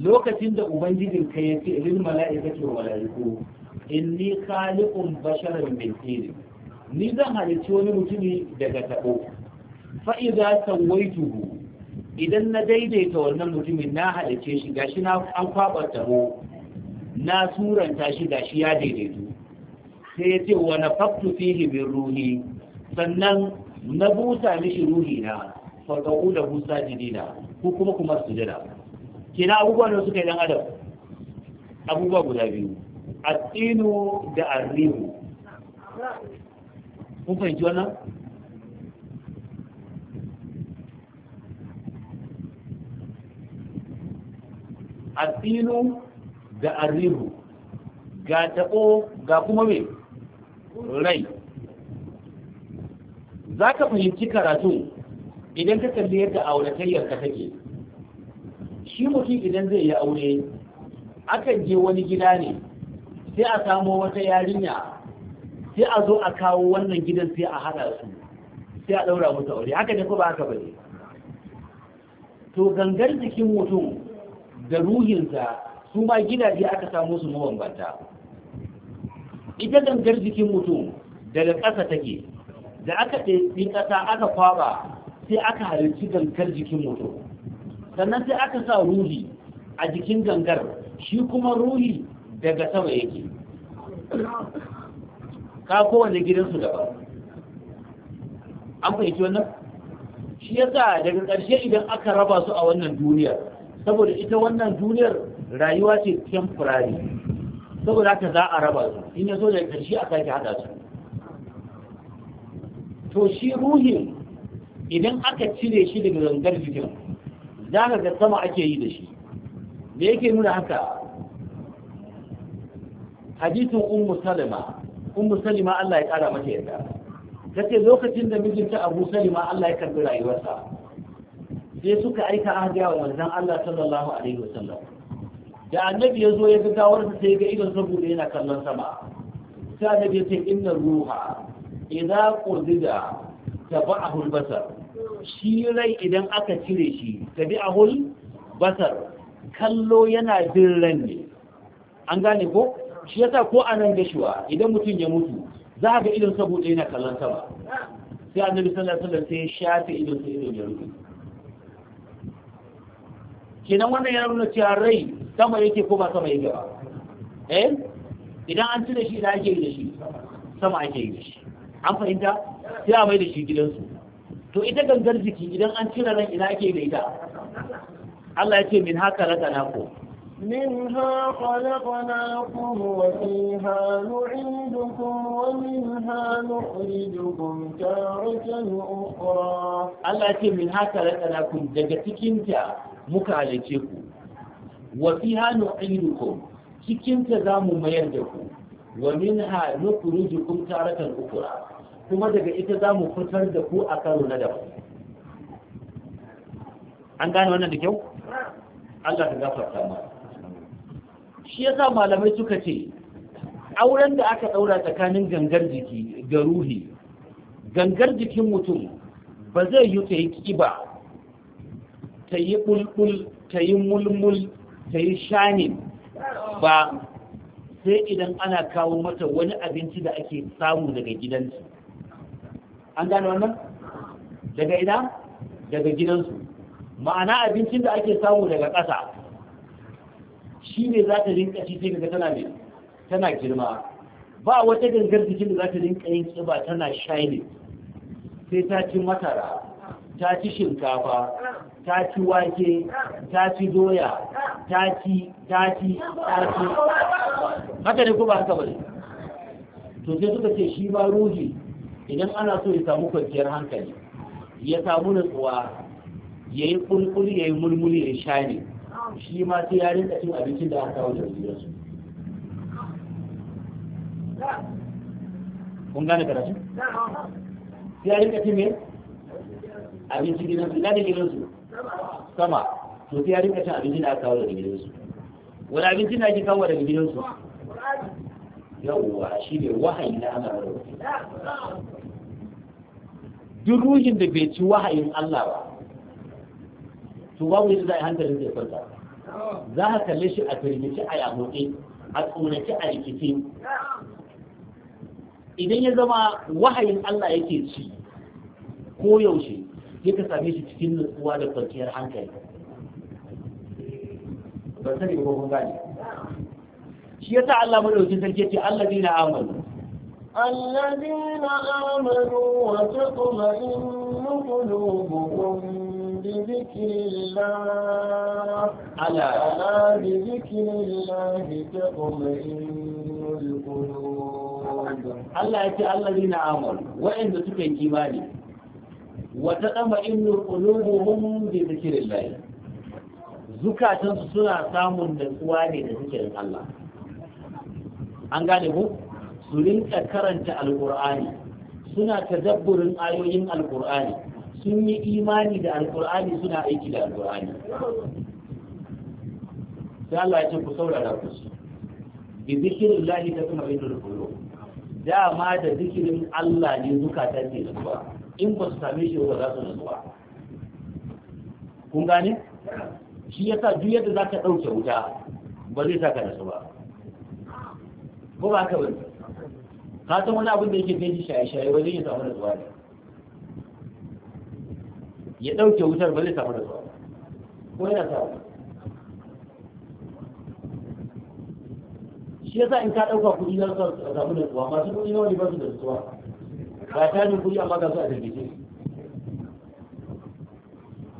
lokacin da ubangijin ka ya ce lil mala'ikati wa mala'iku inni khaliqun basharan min tin ni zan halicci wani mutumi daga tabo fa idza sawaituhu idan na daidaita wannan mutumin na halice shi gashi na an kwaba tabo na suranta shi gashi ya daidaitu sai ya ce wa nafaktu fihi min ruhi sannan na busa mishi ruhi na fa busa sajidina ko kuma kuma sujada kina abubuwan da suka yi dan adam abubuwa guda biyu atsinu da arrihu kun fahimci wannan atsinu da arrihu ga taɓo ga kuma mai rai za ka fahimci karatu idan ka kalli yadda auratayyar ka take shi mutum idan zai yi aure akan je wani gida ne sai a samo wata yarinya sai a zo a kawo wannan gidan sai a haɗa su sai a ɗaura musu aure haka ne ko ba haka bane to gangar jikin mutum da ruhinsa su ma gidaje aka samu su mabambanta ita gangar jikin mutum daga ƙasa take da aka ɗin ƙasa aka kwaba sai aka halarci gangar jikin mutum sannan sai aka sa ruhi a jikin gangar shi kuma ruhi daga sama yake ka kowane gidansu daba an fahimci wannan shi yasa daga ƙarshe idan aka raba su a wannan duniyar saboda ita wannan duniyar rayuwa ce temporary saboda haka za a raba su in ya zo daga ƙarshe aka sake haɗa su to shi ruhin idan aka cire shi daga zangar jikin da haka ga sama ake yi da shi da yake nuna haka hadisin ummu salima ummu salima Allah ya kara mata yarda tace lokacin da mijinta Abu Salima Allah ya karbi rayuwarsa sai suka aika ahdiya wa manzon Allah sallallahu alaihi wasallam da annabi ya zo ya ga gawarsa sai ga idon saboda yana kallon sama sai annabi ya ce inna ruha idza qurdida tabahu al-basar shi rai idan aka cire shi tabi ahul basar kallo yana bin ran ne an gane ko shi yasa ko anan gashuwa idan mutum ya mutu za ga idon saboda yana kallon sama sai annabi sallallahu alaihi wasallam sai ya shafe idon sai idon ya rufe kenan wannan yana nuna cewa rai sama yake ko ba sama yake ba eh idan an cire shi da ake yi da shi sama ake yi da shi an fahimta sai a mai da shi gidansu to ita gangar jiki idan an cire ran ina ake da ita Allah ya ce min haka rakanako منها خلقناكم وفيها نعيدكم ومنها نخرجكم تارة أخرى الله يتي منها خلقناكم دقتكم تا مكالتكم وفيها نعيدكم cikinta za mu mayar da ku wa min ha nukurujukum taratan ukura kuma daga ita za mu fitar da ku a karo na daban an gane wannan da kyau Allah ka gafarta ma shi ya sa malamai suka ce auren da aka ɗaura tsakanin gangar jiki da ruhi gangar jikin mutum ba zai yi ta yi kiba ta yi bulbul ta yi mulmul ta yi shanin ba sai idan ana kawo mata wani abinci da ake samu daga gidansu an gane wannan daga ina daga gidansu ma'ana abincin da ake samu daga ƙasa shi ne za ta rinka shi sai daga tana ne tana girma ba wata gangar jikin da za ta rinka yin ƙiba tana shine sai ta ci matara, ta ci shinkafa ta ci wake ta ci doya ta ci ta ci ta ci haka ne ko ba haka bane to sai suka ce shi ba ruhi idan ana so ya samu kwanciyar hankali ya samu nutsuwa ya yi kulkuli ya yi mulmuli ya sha ne shi ma sai ya rinka cin abincin da aka kawo da su kun gane karatu sai ya rinka cin ne abincin gidansu ina da gidansu sama to sai ya rinka cin abincin da aka kawo da gidansu wani abincin da ake kawo da gidansu yawwa shi ne wahayi na ana Allah duk ruhin da bai ci wahayin Allah ba to babu yadda za a yi hankalin zai kwanta za ka kalle shi a firgici a yamuɗe a tsoraci a rikici idan ya zama wahayin Allah yake ci ko yaushe sai ka same shi cikin nutsuwa da kwanciyar hankali ban sani ba kun gane shi ya ta Allah maɗauki sarki ce Allah zina amalu. Allah yake Allah zina amalu, wa’inda suka yi kimani, wata ɗama inu ƙunubu mun da zikirin layi, zukatansu suna samun da ne da zikirin Allah. an gane ku su rinka karanta alkur'ani suna tadabburin ayoyin alkur'ani sun yi imani da alkur'ani suna aiki da alkur'ani sai Allah ya ce ku saurara ku su bi zikirin lahi ta kuma inda da dama da zikirin Allah ne zukata da nutsuwa in ba su same shi ba za su nutsuwa kun gane shi yasa duk yadda za ka ɗauke wuta ba zai saka nasu ba ko ba ka bari ka san wani abin da yake kai shi shaye-shaye wajen ya samu nutsuwa ne ya dauke wutar ba zai samu nutsuwa ko yana samu shi yasa in ka ɗauka kuɗi na su samu nutsuwa masu kuɗi nawa ne ba su da nutsuwa ba ta tajin kuɗi amma ga su a tarbice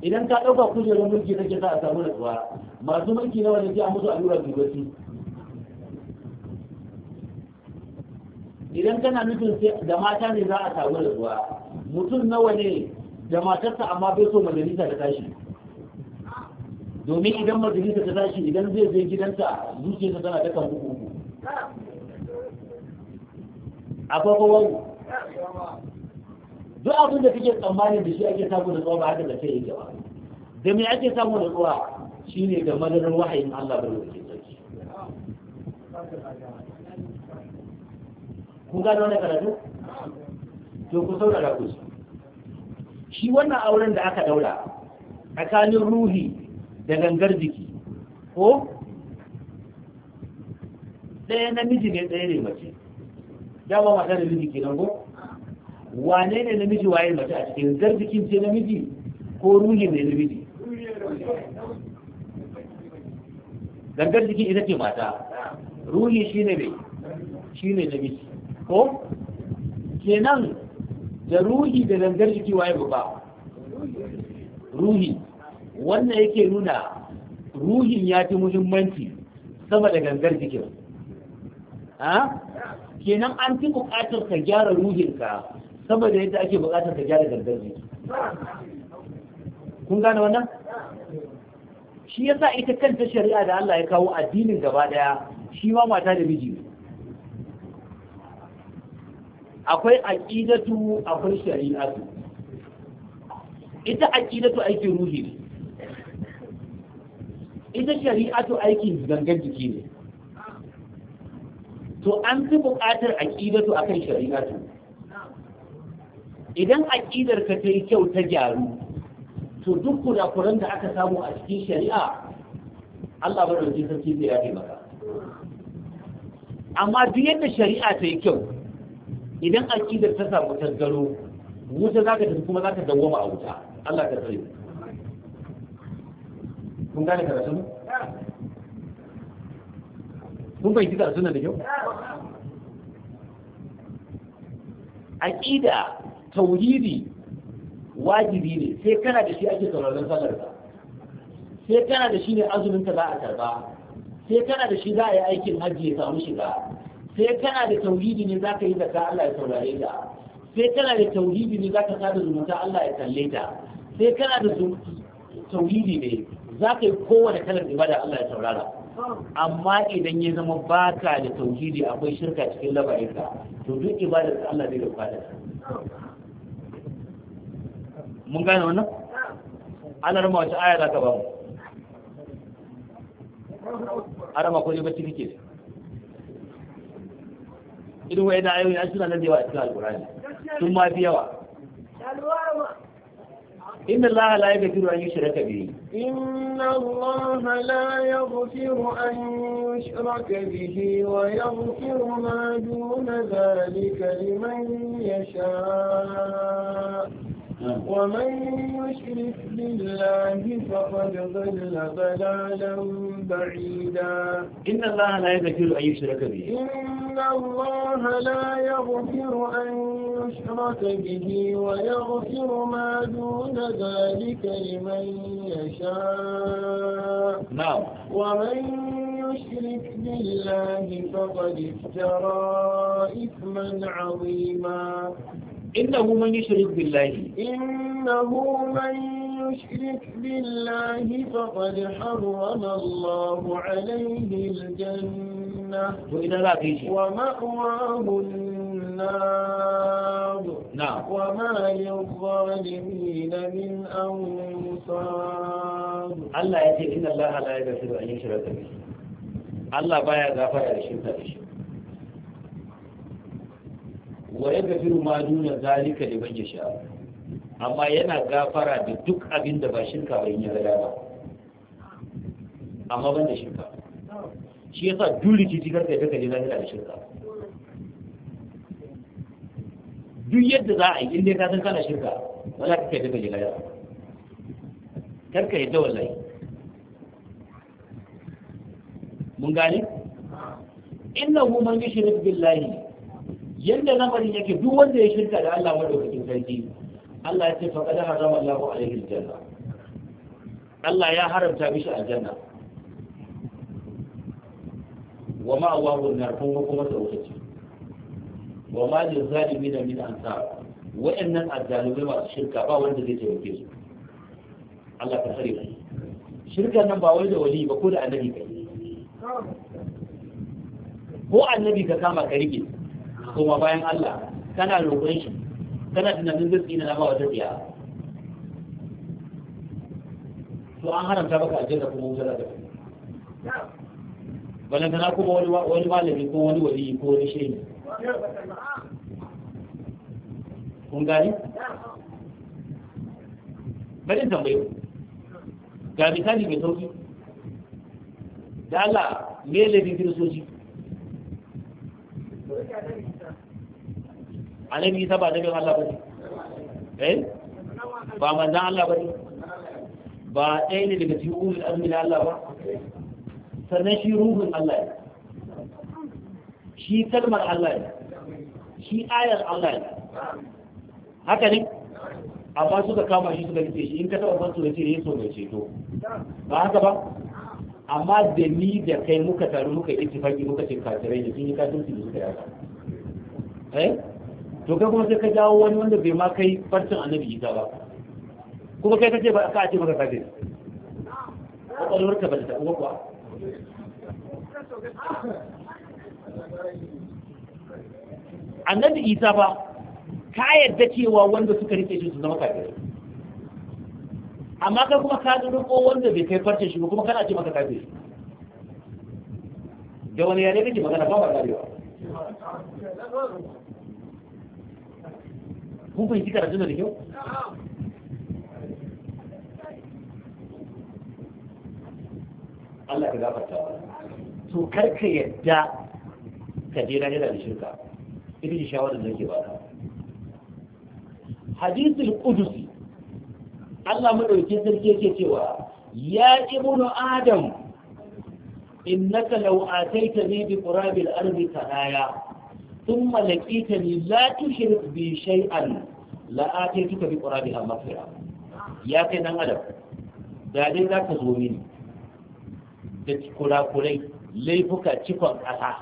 idan ka ɗauka kujerar mulki kake sa a samu nutsuwa masu mulki nawa ne sai a musu allurar dubarci idan kana nufin sai da mata ne za a samu da zuwa mutum nawa ne da matarsa amma bai so majalisa ta tashi domin idan majalisa ta tashi idan zai zai gidansa zuciyarsa tana ta kan uku Akwai a duk abin da kake tsammanin da shi ake samu da tsawa ba haka da kai yake ba da me ake samu da tsawa shine da madarar wahayin Allah bar wuce sarki kun gano na karatu to ku saurara ku shi wannan auren da aka daura tsakanin ruhi da gangar jiki ko ɗaya namiji ne ɗaya ne mace ba mata da miji kenan ko wane ne namiji waye mace a cikin zargikin ce namiji ko ruhi ne namiji gangar jikin ita ce mata ruhi shi ne mai shi ne namiji ko kenan da ruhi da gangar jiki waye ba ruhi wannan yake nuna ruhin ya fi muhimmanci sama da gangar jikin ha kenan an fi bukatar ka gyara ruhinka saboda yadda ake bukatar ka gyara gangar jiki kun gane wannan shi yasa ita kanta shari'a da Allah ya kawo addinin gaba daya shi ma mata da miji akwai aqidatu akwai shari'atu ita aqidatu aikin ruhi ne ita shari'atu aikin gangan jiki ne to an fi buƙatar aqidatu akan shari'atu idan aqidar ka ta yi kyau ta gyaru to duk kurakuran da aka samu a cikin shari'a Allah ba da sarki zai yafe maka amma duk yadda shari'a ta yi kyau idan aqidar ta samu tasgaro wuta za ka tafi kuma za ka dawwama a wuta Allah ka tsare kun gane karatun kun fahimci karatun da kyau aqida tauhidi wajibi ne sai kana da shi ake sauraron sallar ka sai kana da shi ne azumin ka za a karba sai kana da shi za a yi aikin hajji ya samu shiga sai kana da tauhidi ne zaka yi zakka Allah ya saurare ka sai kana da tauhidi ne zaka sada zumunta Allah ya kalle ta sai kana da tauhidi ne zaka yi kowane kalar ibada Allah ya saurara amma idan ya zama baka da tauhidi akwai shirka cikin ka to duk ibadar da Allah zai da fada mun gane wannan ana rama wata aya zaka ba mu arama ko ne bacci kike idan wa yi da ayoyi a suna nan da yawa a cikin alkurani sun ma fi yawa inna allaha la yaghfiru an yushraka bihi inna allaha la yaghfiru an yushraka bihi wa yaghfiru ma duna dhalika liman yasha نعم. ومن يشرك بالله فقد ضل ضلالا بعيدا إن الله لا يغفر أن يشرك به إن الله لا يغفر أن يشرك به ويغفر ما دون ذلك لمن يشاء نعم ومن يشرك بالله فقد افترى إثما عظيما innahu man yushrik billahi innahu man يشرك بالله فقد حرم الله عليه الجنة ومأواه النار نعم وما للظالمين من أنصار الله يأتي إن الله لا يغفر أن يشرك به الله بايا غفر الشرك به wa gafi ma nuna zalika wajen sha, amma yana gafara da duk abin da ba shirka bai yi rada ba amma ban da shirka shi yasa duk ci cikar ta daga zaka da shirka duk yadda za a yi inda ka san kana shirka za ka kai ta kar ka karka yadda wallahi mun gane innahu man yushrik billahi yadda lamarin yake duk wanda ya shirka da Allah madaukakin sarki Allah ya ce fa kada harama Allahu alaihi aljanna Allah ya haramta mishi aljanna wa ma Allahu nar kuma kuma ta wuce wa ma lil zalimin min ansar wa'annan azzalimai masu shirka ba wanda zai taimake su Allah ka tsare su shirkan nan ba wai da wali ba ko da annabi kai ko annabi ka kama ka rike kuma bayan Allah kana roƙon shi kana tunanin zai tsina na nama wata biya to an haramta baka aljanna kuma wuta da kuma fi tana kuma wani malami ko wani wali ko wani shehi kun gani? bari tambayi ga misali mai sauki da Allah me laifin kiristoci annabi isa ba nabin Allah ba eh ba manzon Allah ne? ba ɗaya ne daga cikin ulul azumi na Allah ba sannan shi ruhun Allah ne shi kalmar Allah ne shi ayar Allah ne haka ne amma suka kama shi suka rufe shi in ka taɓa fasu da ce ne so mai ceto ba haka ba amma da ni da kai muka taru muka yi ittifaki muka ce kafirai da sun yi kafirci da suka yaka eh to kai kuma sai ka jawo wani wanda bai ma kai farcin annabi isa ba kuma kai kace ba ka ce maka kafiri kwakwalwar ka ba ta taɓa kuwa annabi isa ba ka yadda cewa wanda suka rike shi su zama kafiri amma kai kuma ka ko wanda bai kai farcin shi ba kuma kana ce maka kafiri da wani yare kake magana ba ba karewa kun fahimci karatu da kyau Allah ka gafarta wa to kar ka yadda ka je na yana da shirka ita ce shawarar da nake baka hadithul qudusi Allah mu madaukakin sarki yake cewa ya ibnu adam innaka law ataitani bi qurabil ardi kadaya ثم لقيتني لا تشرك بي شيئا la'atai tuka bi ƙurabi a mafira ya kai nan adam da dai za ka zo mini da kula kurakurai laifuka cikon ƙasa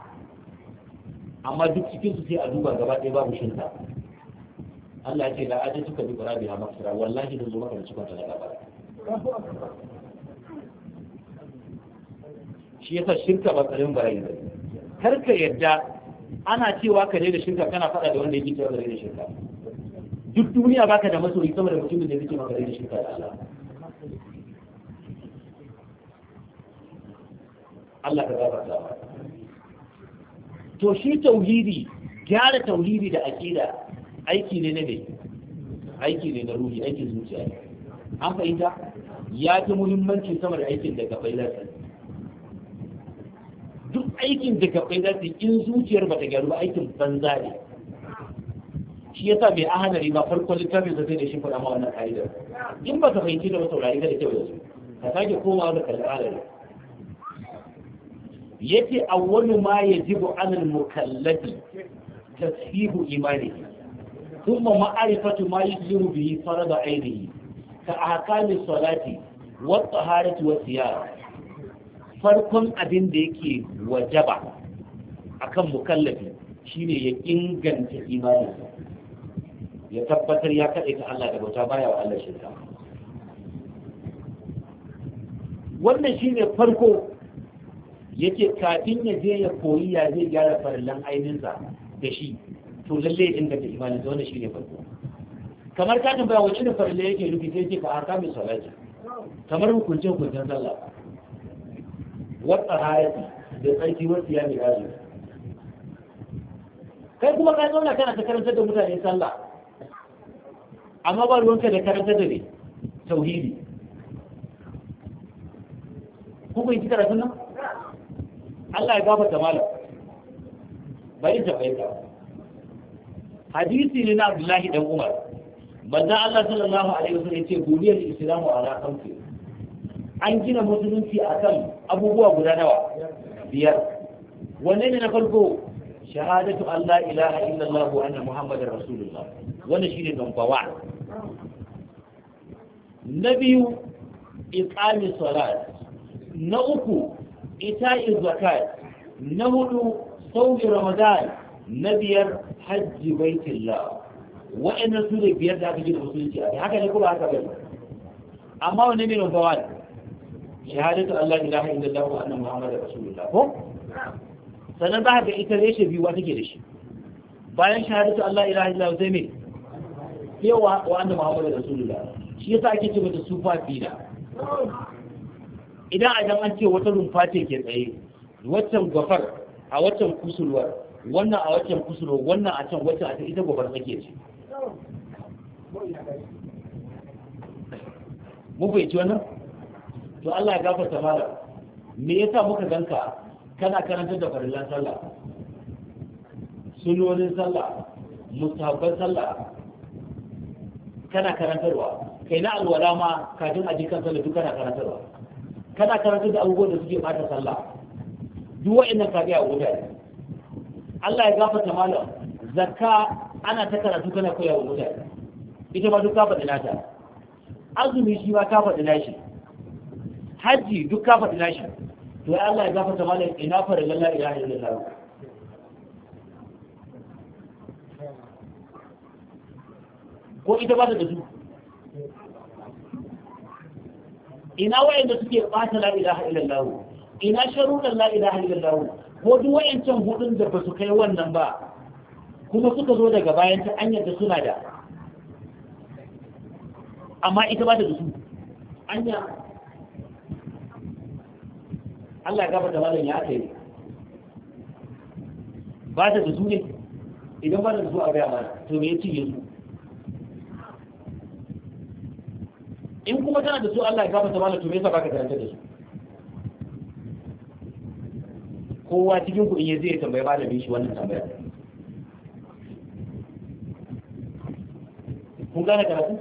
amma duk cikinsu sai a duba gaba ɗaya babu shinta Allah ya ce la'atai ka bi ƙurabi a mafira wallahi da zo maka da cikon ta da gaba shi yasa shirka ba tsarin barayi kar ka yadda ana cewa ka da shirka kana faɗa da wanda yake cewa da shirka duk duniya baka da masoyi sama da mutumin da yake magana da shi ka Allah Allah ka gabata to shi tauhidi gyara tauhidi da aqida aiki ne na dai aiki ne na ruhi aikin zuciya an fahimta ya ta muhimmanci sama da aikin da gabai lafiya duk aikin da gabai lafiya in zuciyar ba ta gyaru ba aikin banza ne shi yasa bai ahanari ba farkon littafin da zai da shi faɗa ma wannan ka'idar in ba ka fahimci da wasu wurare da kyau da su ka sake komawa da kalmar yace wani ma yajibu alal mukallafi tasfihu imanihi thumma ma'rifatu ma yujibu bihi farada ainihi ka ahkami salati wa taharati wa siyar farkon abin da yake wajaba akan mukallafi shine ya inganta imani. ya tabbatar ya kaɗe ta Allah da bauta baya wa Allah shirka wannan shi ne farko yake kafin ya je ya koyi ya zai gyara farillan ainihinsa da shi to lalle ya da imanin wannan ne farko kamar ka tambaya wacce da farilla yake nufi sai ce ka aka mai salati kamar hukuncin hukuncen sallah wata hayati da tsarki wasu ya mai kai kuma ka zauna kana ta karantar da mutane sallah amma ba ruwanka da karanta da ne tauhidi kuka yi karatun nan Allah ya gafata malam bari ta bayyana hadisi ne na Abdullahi dan Umar manzo Allah sallallahu alaihi wasallam yace duniyar islamu ala khamsi an gina musulunci akan abubuwa guda nawa biyar wanne ne na farko shahadatu Allah ilaha illallah wa anna muhammadar rasulullah wannan shine number 1 na biyu iqami salat na uku ita'i zakat na hudu sauki ramadan na biyar hajji baitullah wa'annan su ne biyar da aka ji da musulunci a haka ne kuma haka bai amma wani ne number 1 shahadatu Allah ilaha illallah wa anna muhammadar rasulullah ko sannan za ga ita reshe wata ke da shi bayan shahadatu Allah ilaha illallah sai mai yawa wa annabi Muhammad rasulullah shi yasa ake ce mata sufa fida idan a an ce wata rumfa ce ke tsaye waccan gafar a waccan kusurwar wannan a waccan kusurwar wannan a can waccan a can ita gafar take ce mu fahimci wannan to Allah ya gafarta mala me yasa muka ganka kana karantar da farillan sallah sunonin sallah mustahabban sallah kana karantarwa kai na alwala ma kafin a jikan sallah duk kana karantarwa kana karantar da abubuwan da suke bata sallah duk wa'annan ka ga wuta Allah ya gafarta malam zakka ana ta karatu kana koya wa mutane ita ma duk ka faɗi nata azumi shi ma ka faɗi nashi hajji duk ka faɗi nashi to ya Allah ya ta malam ina fara lalla da illallah ko ita ba ta da su ina wayanda suke bata la ilaha illallah ina sharudan la ilaha illallah ko duk wayancan hudun da ba su kai wannan ba kuma suka zo daga bayan ta anyar da suna da amma ita ba ta da su anya Allah ya gafarta malam ya aka yi ba ta da su ne idan ba ta da su a gaya mana to me ya cinye su in kuma tana da su Allah ya gafarta malam to me yasa baka karanta da su kowa cikin ku in ya zai tambaye malamin shi wannan tambaya kun gane karatu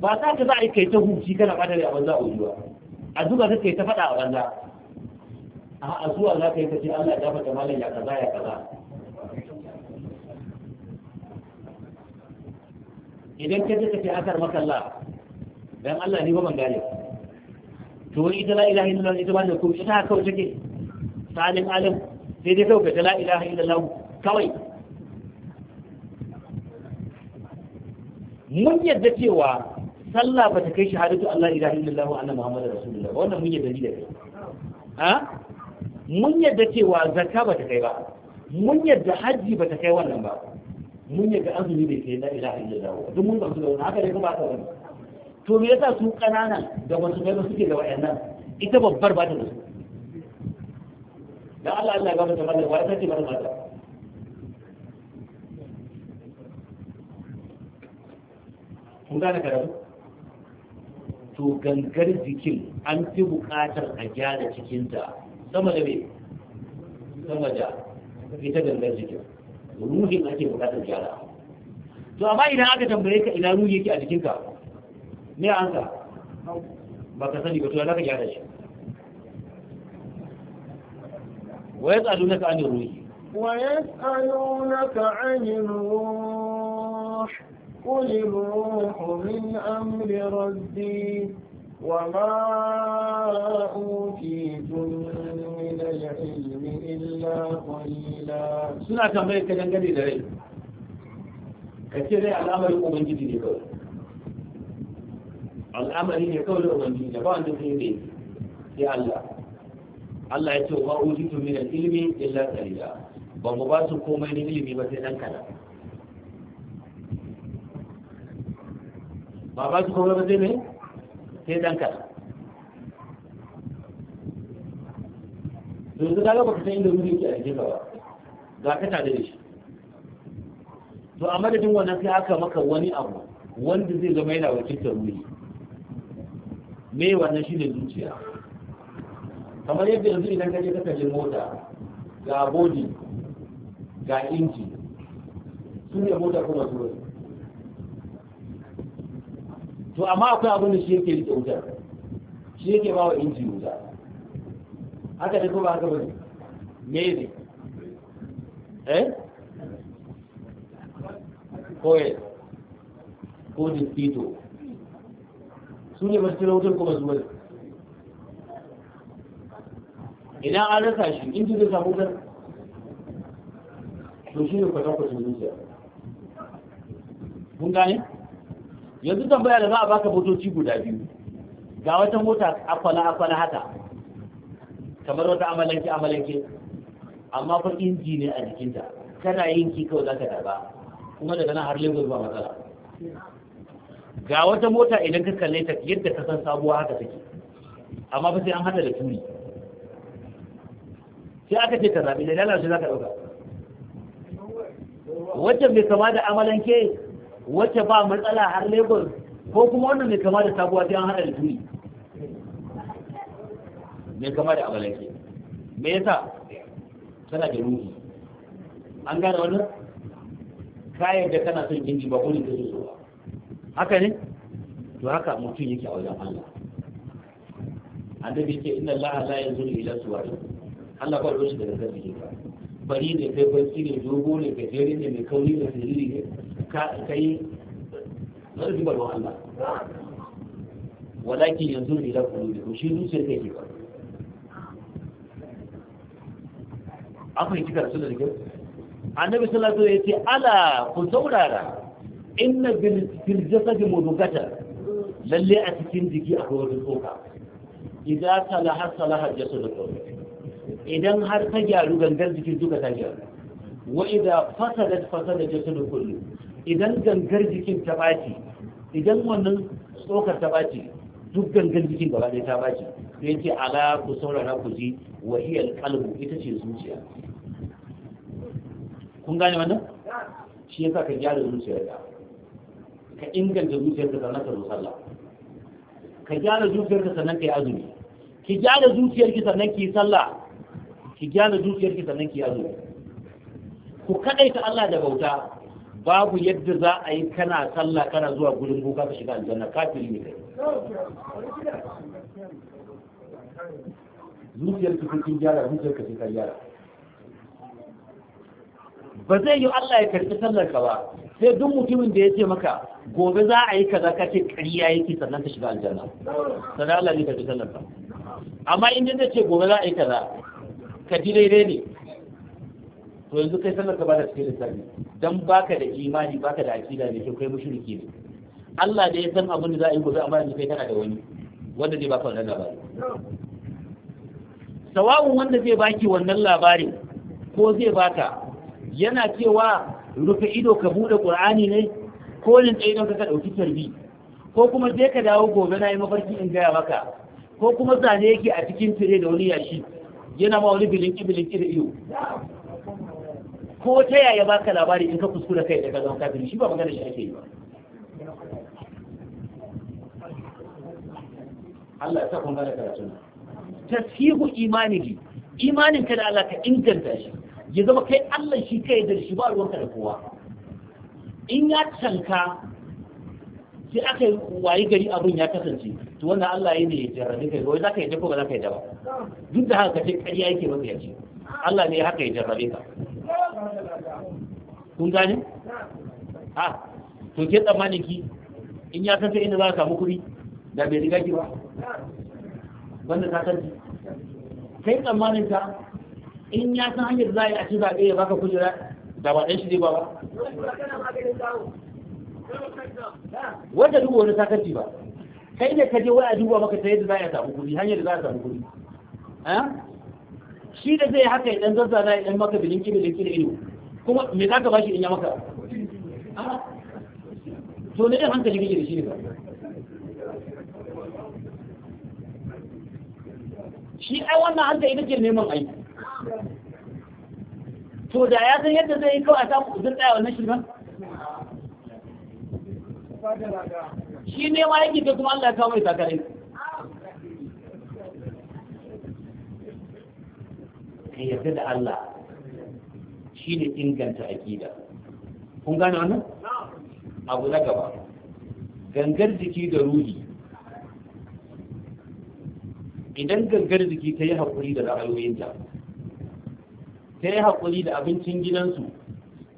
ba sa ka za a yi kai ta huci kana bata da abin za a yi ba a zuba ka kai ta faɗa a banza a zuwa za ka yi kace Allah ya gafarta malam ya kaza ya kaza idan ka je kace asar makalla dan Allah ni ba ban gane to wani ita la ilaha illallah ita ba da ku ita kawai take salim alim sai dai kawai ta la ilaha illallah kawai mun yadda cewa sallah ba ta kai shahadatu Allah ilaha illallah wa anna muhammadar rasulullah wannan mun yadda da kai ha mun yadda cewa zakka ba ta kai ba mun yadda hajji ba ta kai wannan ba mun yadda azumi bai kai la ilaha illallah duk mun gamsu da wannan haka ne kuma aka wani to me yasa su kanana da wasu kai ba suke da wayannan ita babbar ba ta da su dan Allah Allah ga mata mallan ce sai ta mata kun gane karatu to gangar jikin an fi buƙatar a gyara cikinta sama da me sama da ita gangar jikin ruhin ake bukatar gyara to amma idan aka tambaye ka ina ruhi yake a jikinka me an ka ba ka sani ba to za ka gyara shi wa yas'alunaka 'anil ruhi wa yas'alunaka 'anil ruh قل الروح من أمر ربي وما suna tambayar ka dangane da rai ka ce rai al'amarin ubangiji ne kawai al'amarin ne kawai da ubangiji ne ba wanda su yi ne sai Allah ya ce wa uji tumi da ilimi illa tsariya ba mu ba komai na ilimi ba sai dan ba ba komai ba sai ne sai dan kaɗan yanzu ka ga baka inda wuri ke a jikin ba ga ka tare da shi to a madadin wannan sai aka maka wani abu wanda zai zama yana wakiltar wuri me wannan shi ne zuciya kamar yadda yanzu idan ka je ka kalli mota ga bodi ga inji su ne mota kuma zuwa to amma akwai abin da shi yake rike wutar shi yake ba wa inji wuta haka ne ko ba haka bane me ne eh koye ko fito su ne masu cire wutar kuma su bane idan an rasa shi inji zai samu wutar to shi ne kwatankwacin zuciya kun gane? yanzu tambaya da za a baka motoci guda biyu ga wata mota akwala akwala haka kamar wata amalanke amalanke amma fa inji ne a jikinta kana yin ki kawai zaka daba kuma daga nan har lagos ba matsala ga wata mota idan ka kalle ta yadda ka san sabuwa haka take amma fa sai an hada da turi sai aka ce ta zabi da lalace zaka dauka wacce bai kama da amalanke wacce ba matsala har lebur? ko kuma wannan mai kama da sabuwa ta hada da turi? mai kama da abalake me yasa tana da ruhi an gane wannan kayan da kana son gindi ba kullum da zuwa haka ne to haka mutum yake a wajen Allah annabi ce inna Allah la yanzuru ila suwarikum Allah ba ruwan shi da ne ba bari ne kai ban ne dogo ne gajere ne mai kauri da sirri ne ka yi Allah kuma shi zuciyar kai ke ba fahimci da annabi sallallahu alaihi wasallam yace ala ku saurara inna bil jasadi mudugata lalle a cikin jiki a wata tsoka idan idan har ta gyaru gangar jikin duka ta gyaru wa idan da fasada da kullu idan gangar jikin ta ɓaci idan wannan tsokar ta ɓaci duk gangar jikin gaba ɗaya ta ɓaci to yace ala ku saurara ku ji wa iya ita ce zuciya kun gane wannan shi yasa ka gyara zuciyar ka ka inganta zuciyar ka sannan ka zo sallah ka gyara zuciyar ka sannan ka yi azumi ki gyara zuciyar ki sannan ki sallah ki gyara zuciyar ki sannan ki azumi ku kadaita Allah da bauta babu yadda za a yi kana sallah kana zuwa gurin boka ka shiga aljanna kafiri ne kai zuciyar ka cikin gyara zuciyar ka cikin gyara ba zai yi Allah ya karɓi sallar ka ba sai duk mutumin da ya ce maka gobe za a yi kaza ka ce ƙarya yake sannan ka shiga aljanna sannan Allah ne karɓi sallar ka amma in zai ce gobe za a yi kaza ka ji daidai ne to yanzu kai sallar ka ba ta cikin lissafi dan baka da imani baka da aqida ne to kai mushriki ne Allah da ya san abin da za a yi gobe amma yanzu kai tana da wani wanda zai baka wannan labari sawa'un wanda zai baki wannan labarin ko zai baka yana cewa rufe ido ka bude qur'ani ne ko lin tsaye don ka dauki tarbi ko kuma je ka dawo gobe na yi mafarki in gaya maka ko kuma zane yake a cikin tire da wani yashi yana ma wani bilinki bilinki da iyo ko ta yaya baka labari in ka kuskura kai da zama kafin shi ba magana shi ake yi ba Allah ya sa kun gane karatun tasihu ji imanin ka da Allah ka inganta shi ya zama kai Allah shi kai da shi ba ruwanka da kowa in ya canka sai aka yi waye gari abin ya kasance to wannan Allah ya ne ya jarrabe kai wai ka yi dako ba ka yi daba duk da haka ce ƙarya yake maka yace Allah ne haka ya jarrabe ka kun gane ha to ke tsammanin ki in ya kasa inda za ka samu kuɗi da bai riga ki ba banda ta kanti kai tsammanin ta in ya san hanyar za a yi a ci zaɓe ya baka kujera da ba ɗan shi ne ba ba wanda duba wani sakarci ba kai ne ka je wai a duba maka ta yadda za a samu kuɗi hanyar da za a samu kuɗi shi da zai haka idan na idan maka bilin bilinki da ido kuma me za ka ba shi in ya maka to ne hankali kake da shi ne ba. shi ai wannan hankali ita ke neman aiki to da ya san yadda zai yi kawai a samu zai tsaya wannan shirman shi ne ma yake ta kuma Allah ya kawo mai sakarai ya yarda da Allah shine inganta aqida kun gane wannan abu na gaba gangar jiki da ruhi idan gangar jiki ta yi haƙuri da ra'ayoyinta ta yi haƙuri da abincin gidansu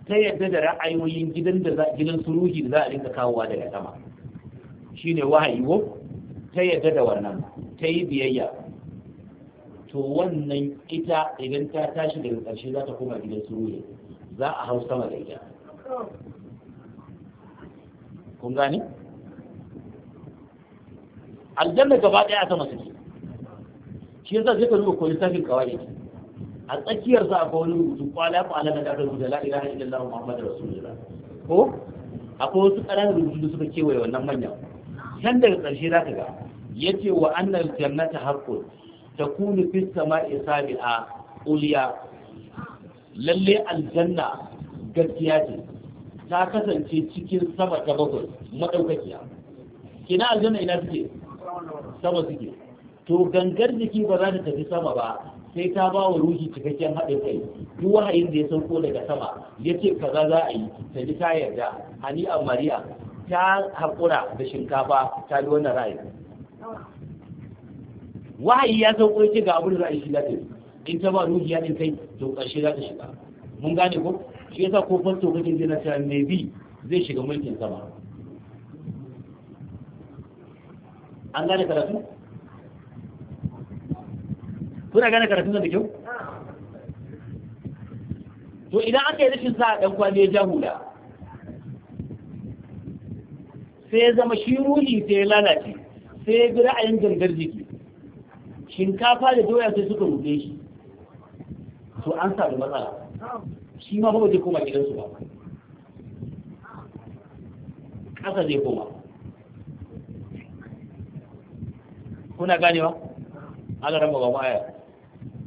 ta yadda da ra'ayoyin gidan da gidan su ruhi da za a rinka kawowa daga sama shine wahayi wo ta yadda da wannan ta yi biyayya to wannan ita idan ta tashi daga ƙarshe za ta koma gidan suruye za a hau sama da ita kun gani? aljanna gaba ɗaya a sama suke shi yasa sai ka duba ko lissafin kawai a tsakiyar sa akwai wani rubutu kwala kwala na dakar rubuta la ilaha illallah muhammadur rasulullah ko akwai wasu ƙananan rubutu da suka kewaye wannan manyan can daga ƙarshe za ka ga yace wa annal jannata haƙƙo. takunu ma sama'i sabi'a uliya lalle aljanna gaskiya ce ta kasance cikin sama ta bakwai madaukakiya kina aljanna ina suke sama suke to gangar jiki ba za ta tafi sama ba sai ta ba wa ruhi cikakken haɗin kai duk wahayin da ya sauko daga sama ya ce kaza za a yi ta ji ta yarda hani a mariya ta haƙura da shinkafa ta bi wannan rayu. wahayi ya zo ko ga abin da za a yi shi lafiya in ta ba ruhiya din kai to ƙarshe za ta shiga mun gane ko shi yasa ko fasto kake zai na cewa mai bi zai shiga mulkin sama an gane karatu kuna gane karatu da kyau to idan an kai rashin sa dan kwani ya jahula sai ya zama shi ruhi sai ya lalace sai ya bi ra'ayin gangar jiki shinkafa da doya sai suka rufe shi to an samu matsala shi ma kuma zai koma gidansu ba ƙasa zai koma kuna ganewa ala rama ba ma'aya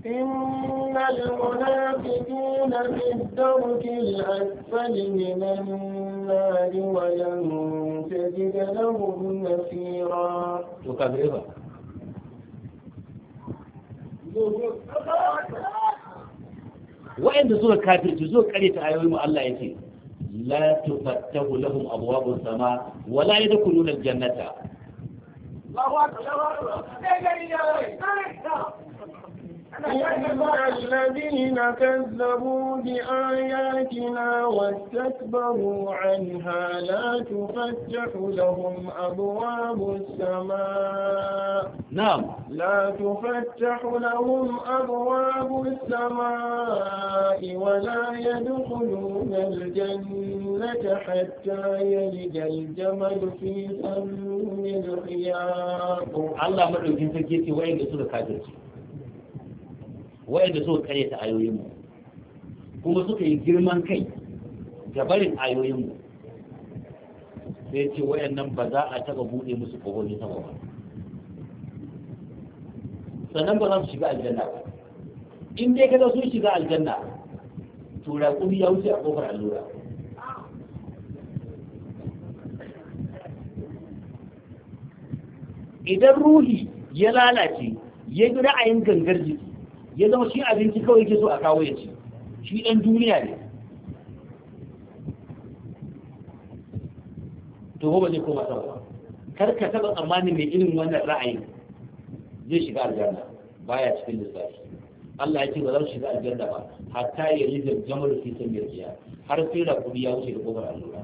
إن المنافقين في الدرك الأسفل من النار ولن تجد لهم نصيرا. Wa'inda suka kafirci suka ta ayoyin mu Allah yake la tufattahu lahum abwabus sama wa la yadkhuluna aljannata Allahu akbar إلا الذين كذبوا بآياتنا واستكبروا عنها لا تفتح لهم أبواب السماء نعم لا تفتح لهم أبواب السماء ولا يدخلون الجنة حتى يلج الجمل في سم الخياط الله مدعو جنسك يتي وين يسول كاجرتي da suka karyata ayoyinmu kuma suka yi girman kai da barin ayoyinmu sai ce wayannan ba za a taba bude musu kogon sama ba sannan ba za su shiga aljanna ba in dai kada sun shiga aljanna to raƙumi ya wuce a kofar allura idan ruhi ya lalace ya yi ra'ayin gangar jiki ya zama shi abinci kawai ke so a kawo ya ci shi ɗan duniya ne to ba zai koma sama kar ka taɓa tsammanin mai irin wannan ra'ayin zai shiga aljanna baya cikin lissafi Allah ya ce ba za su shiga aljanna ba hatta ya yi jamar fi san yarjiya har sai da kuɗi ya wuce da kofar allura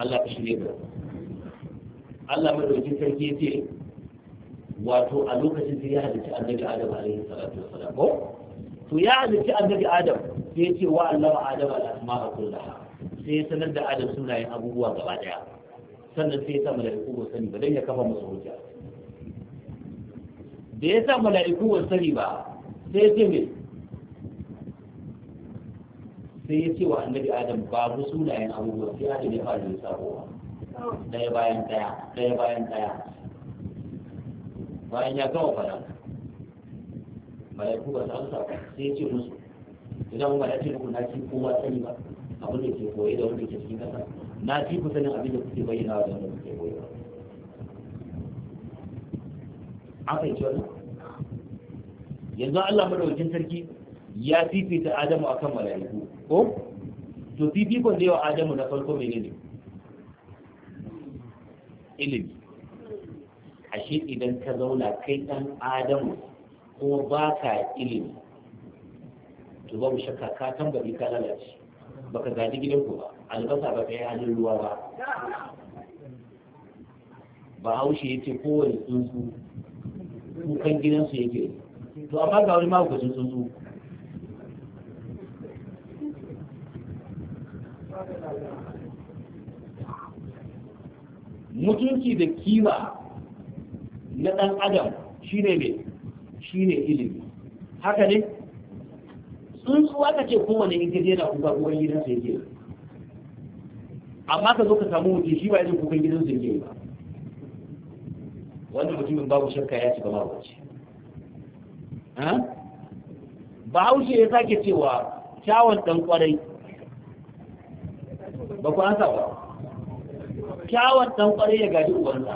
Allah ya shirya da Allah madaukakin sarki ya ce wato a lokacin sai ya halicci annabi Adam alaihi salatu wassalam ko to ya halicci annabi Adam sai ya ce wa allama Adam al-asma'a kullaha sai sanar da Adam sunayen abubuwa gaba daya sannan sai ya sa mala'iku ba sani ba dan ya kafa musu hujja da ya sa mala'iku ba sani ba sai ya ce me sai ya ce wa annabi Adam babu sunayen abubuwa sai Adam ya fara sabuwa ɗaya bayan ɗaya ɗaya bayan ɗaya bayan ya gama fara malaiku ba su amsa sai ce musu idan ba ya ce ku na ci kowa sani ba abin da ke koyi da wanda ke cikin kasa na ci ku sanin abin da kuke bayyana da wanda kuke koyi ba yi fahimci wani? yanzu Allah madaukakin sarki ya fifita Adamu akan malaiku ko to fifikon da yawa Adamu na farko menene ne ilimi ashe idan ka zauna kai ɗan adamu ko ba ka ilimi to babu shakka ka tambari ka lalace baka gaji gidan ku ba albasa ba ka yi hannun ruwa ba ba haushe ya ce kowane tsuntsu kukan gidansu yake to amma ga wani mahaukacin tsuntsu mutunci da kima na ɗan adam shi ne ne ilimi haka ne tsuntsu aka ce kowane in gaje na kuka gidan gidansa yake amma ka zo ka samu mutum shi ba kuka gidan gidansa yake ba wanda mutumin babu shakka ya ci shiga mawaci bahaushe ya sake cewa kyawun ɗan ƙwarai ba ku an sa ba kyawun dan kware ya gaji ubansa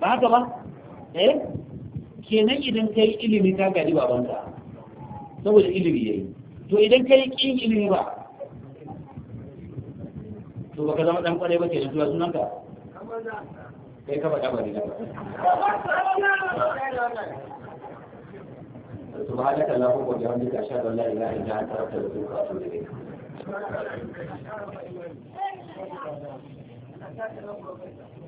ba haka ba eh kenan idan ka yi ilimi ka gaji babanka saboda ilimi ya yi to idan ka yi ilimi ba to baka zama dan kware ba kenan tuwa sunanka kai ka faɗa ba ne سبحانك اللهم وبحمدك اشهد ان لا اله الا انت استغفرك واتوب اليك 家庭生活会怎么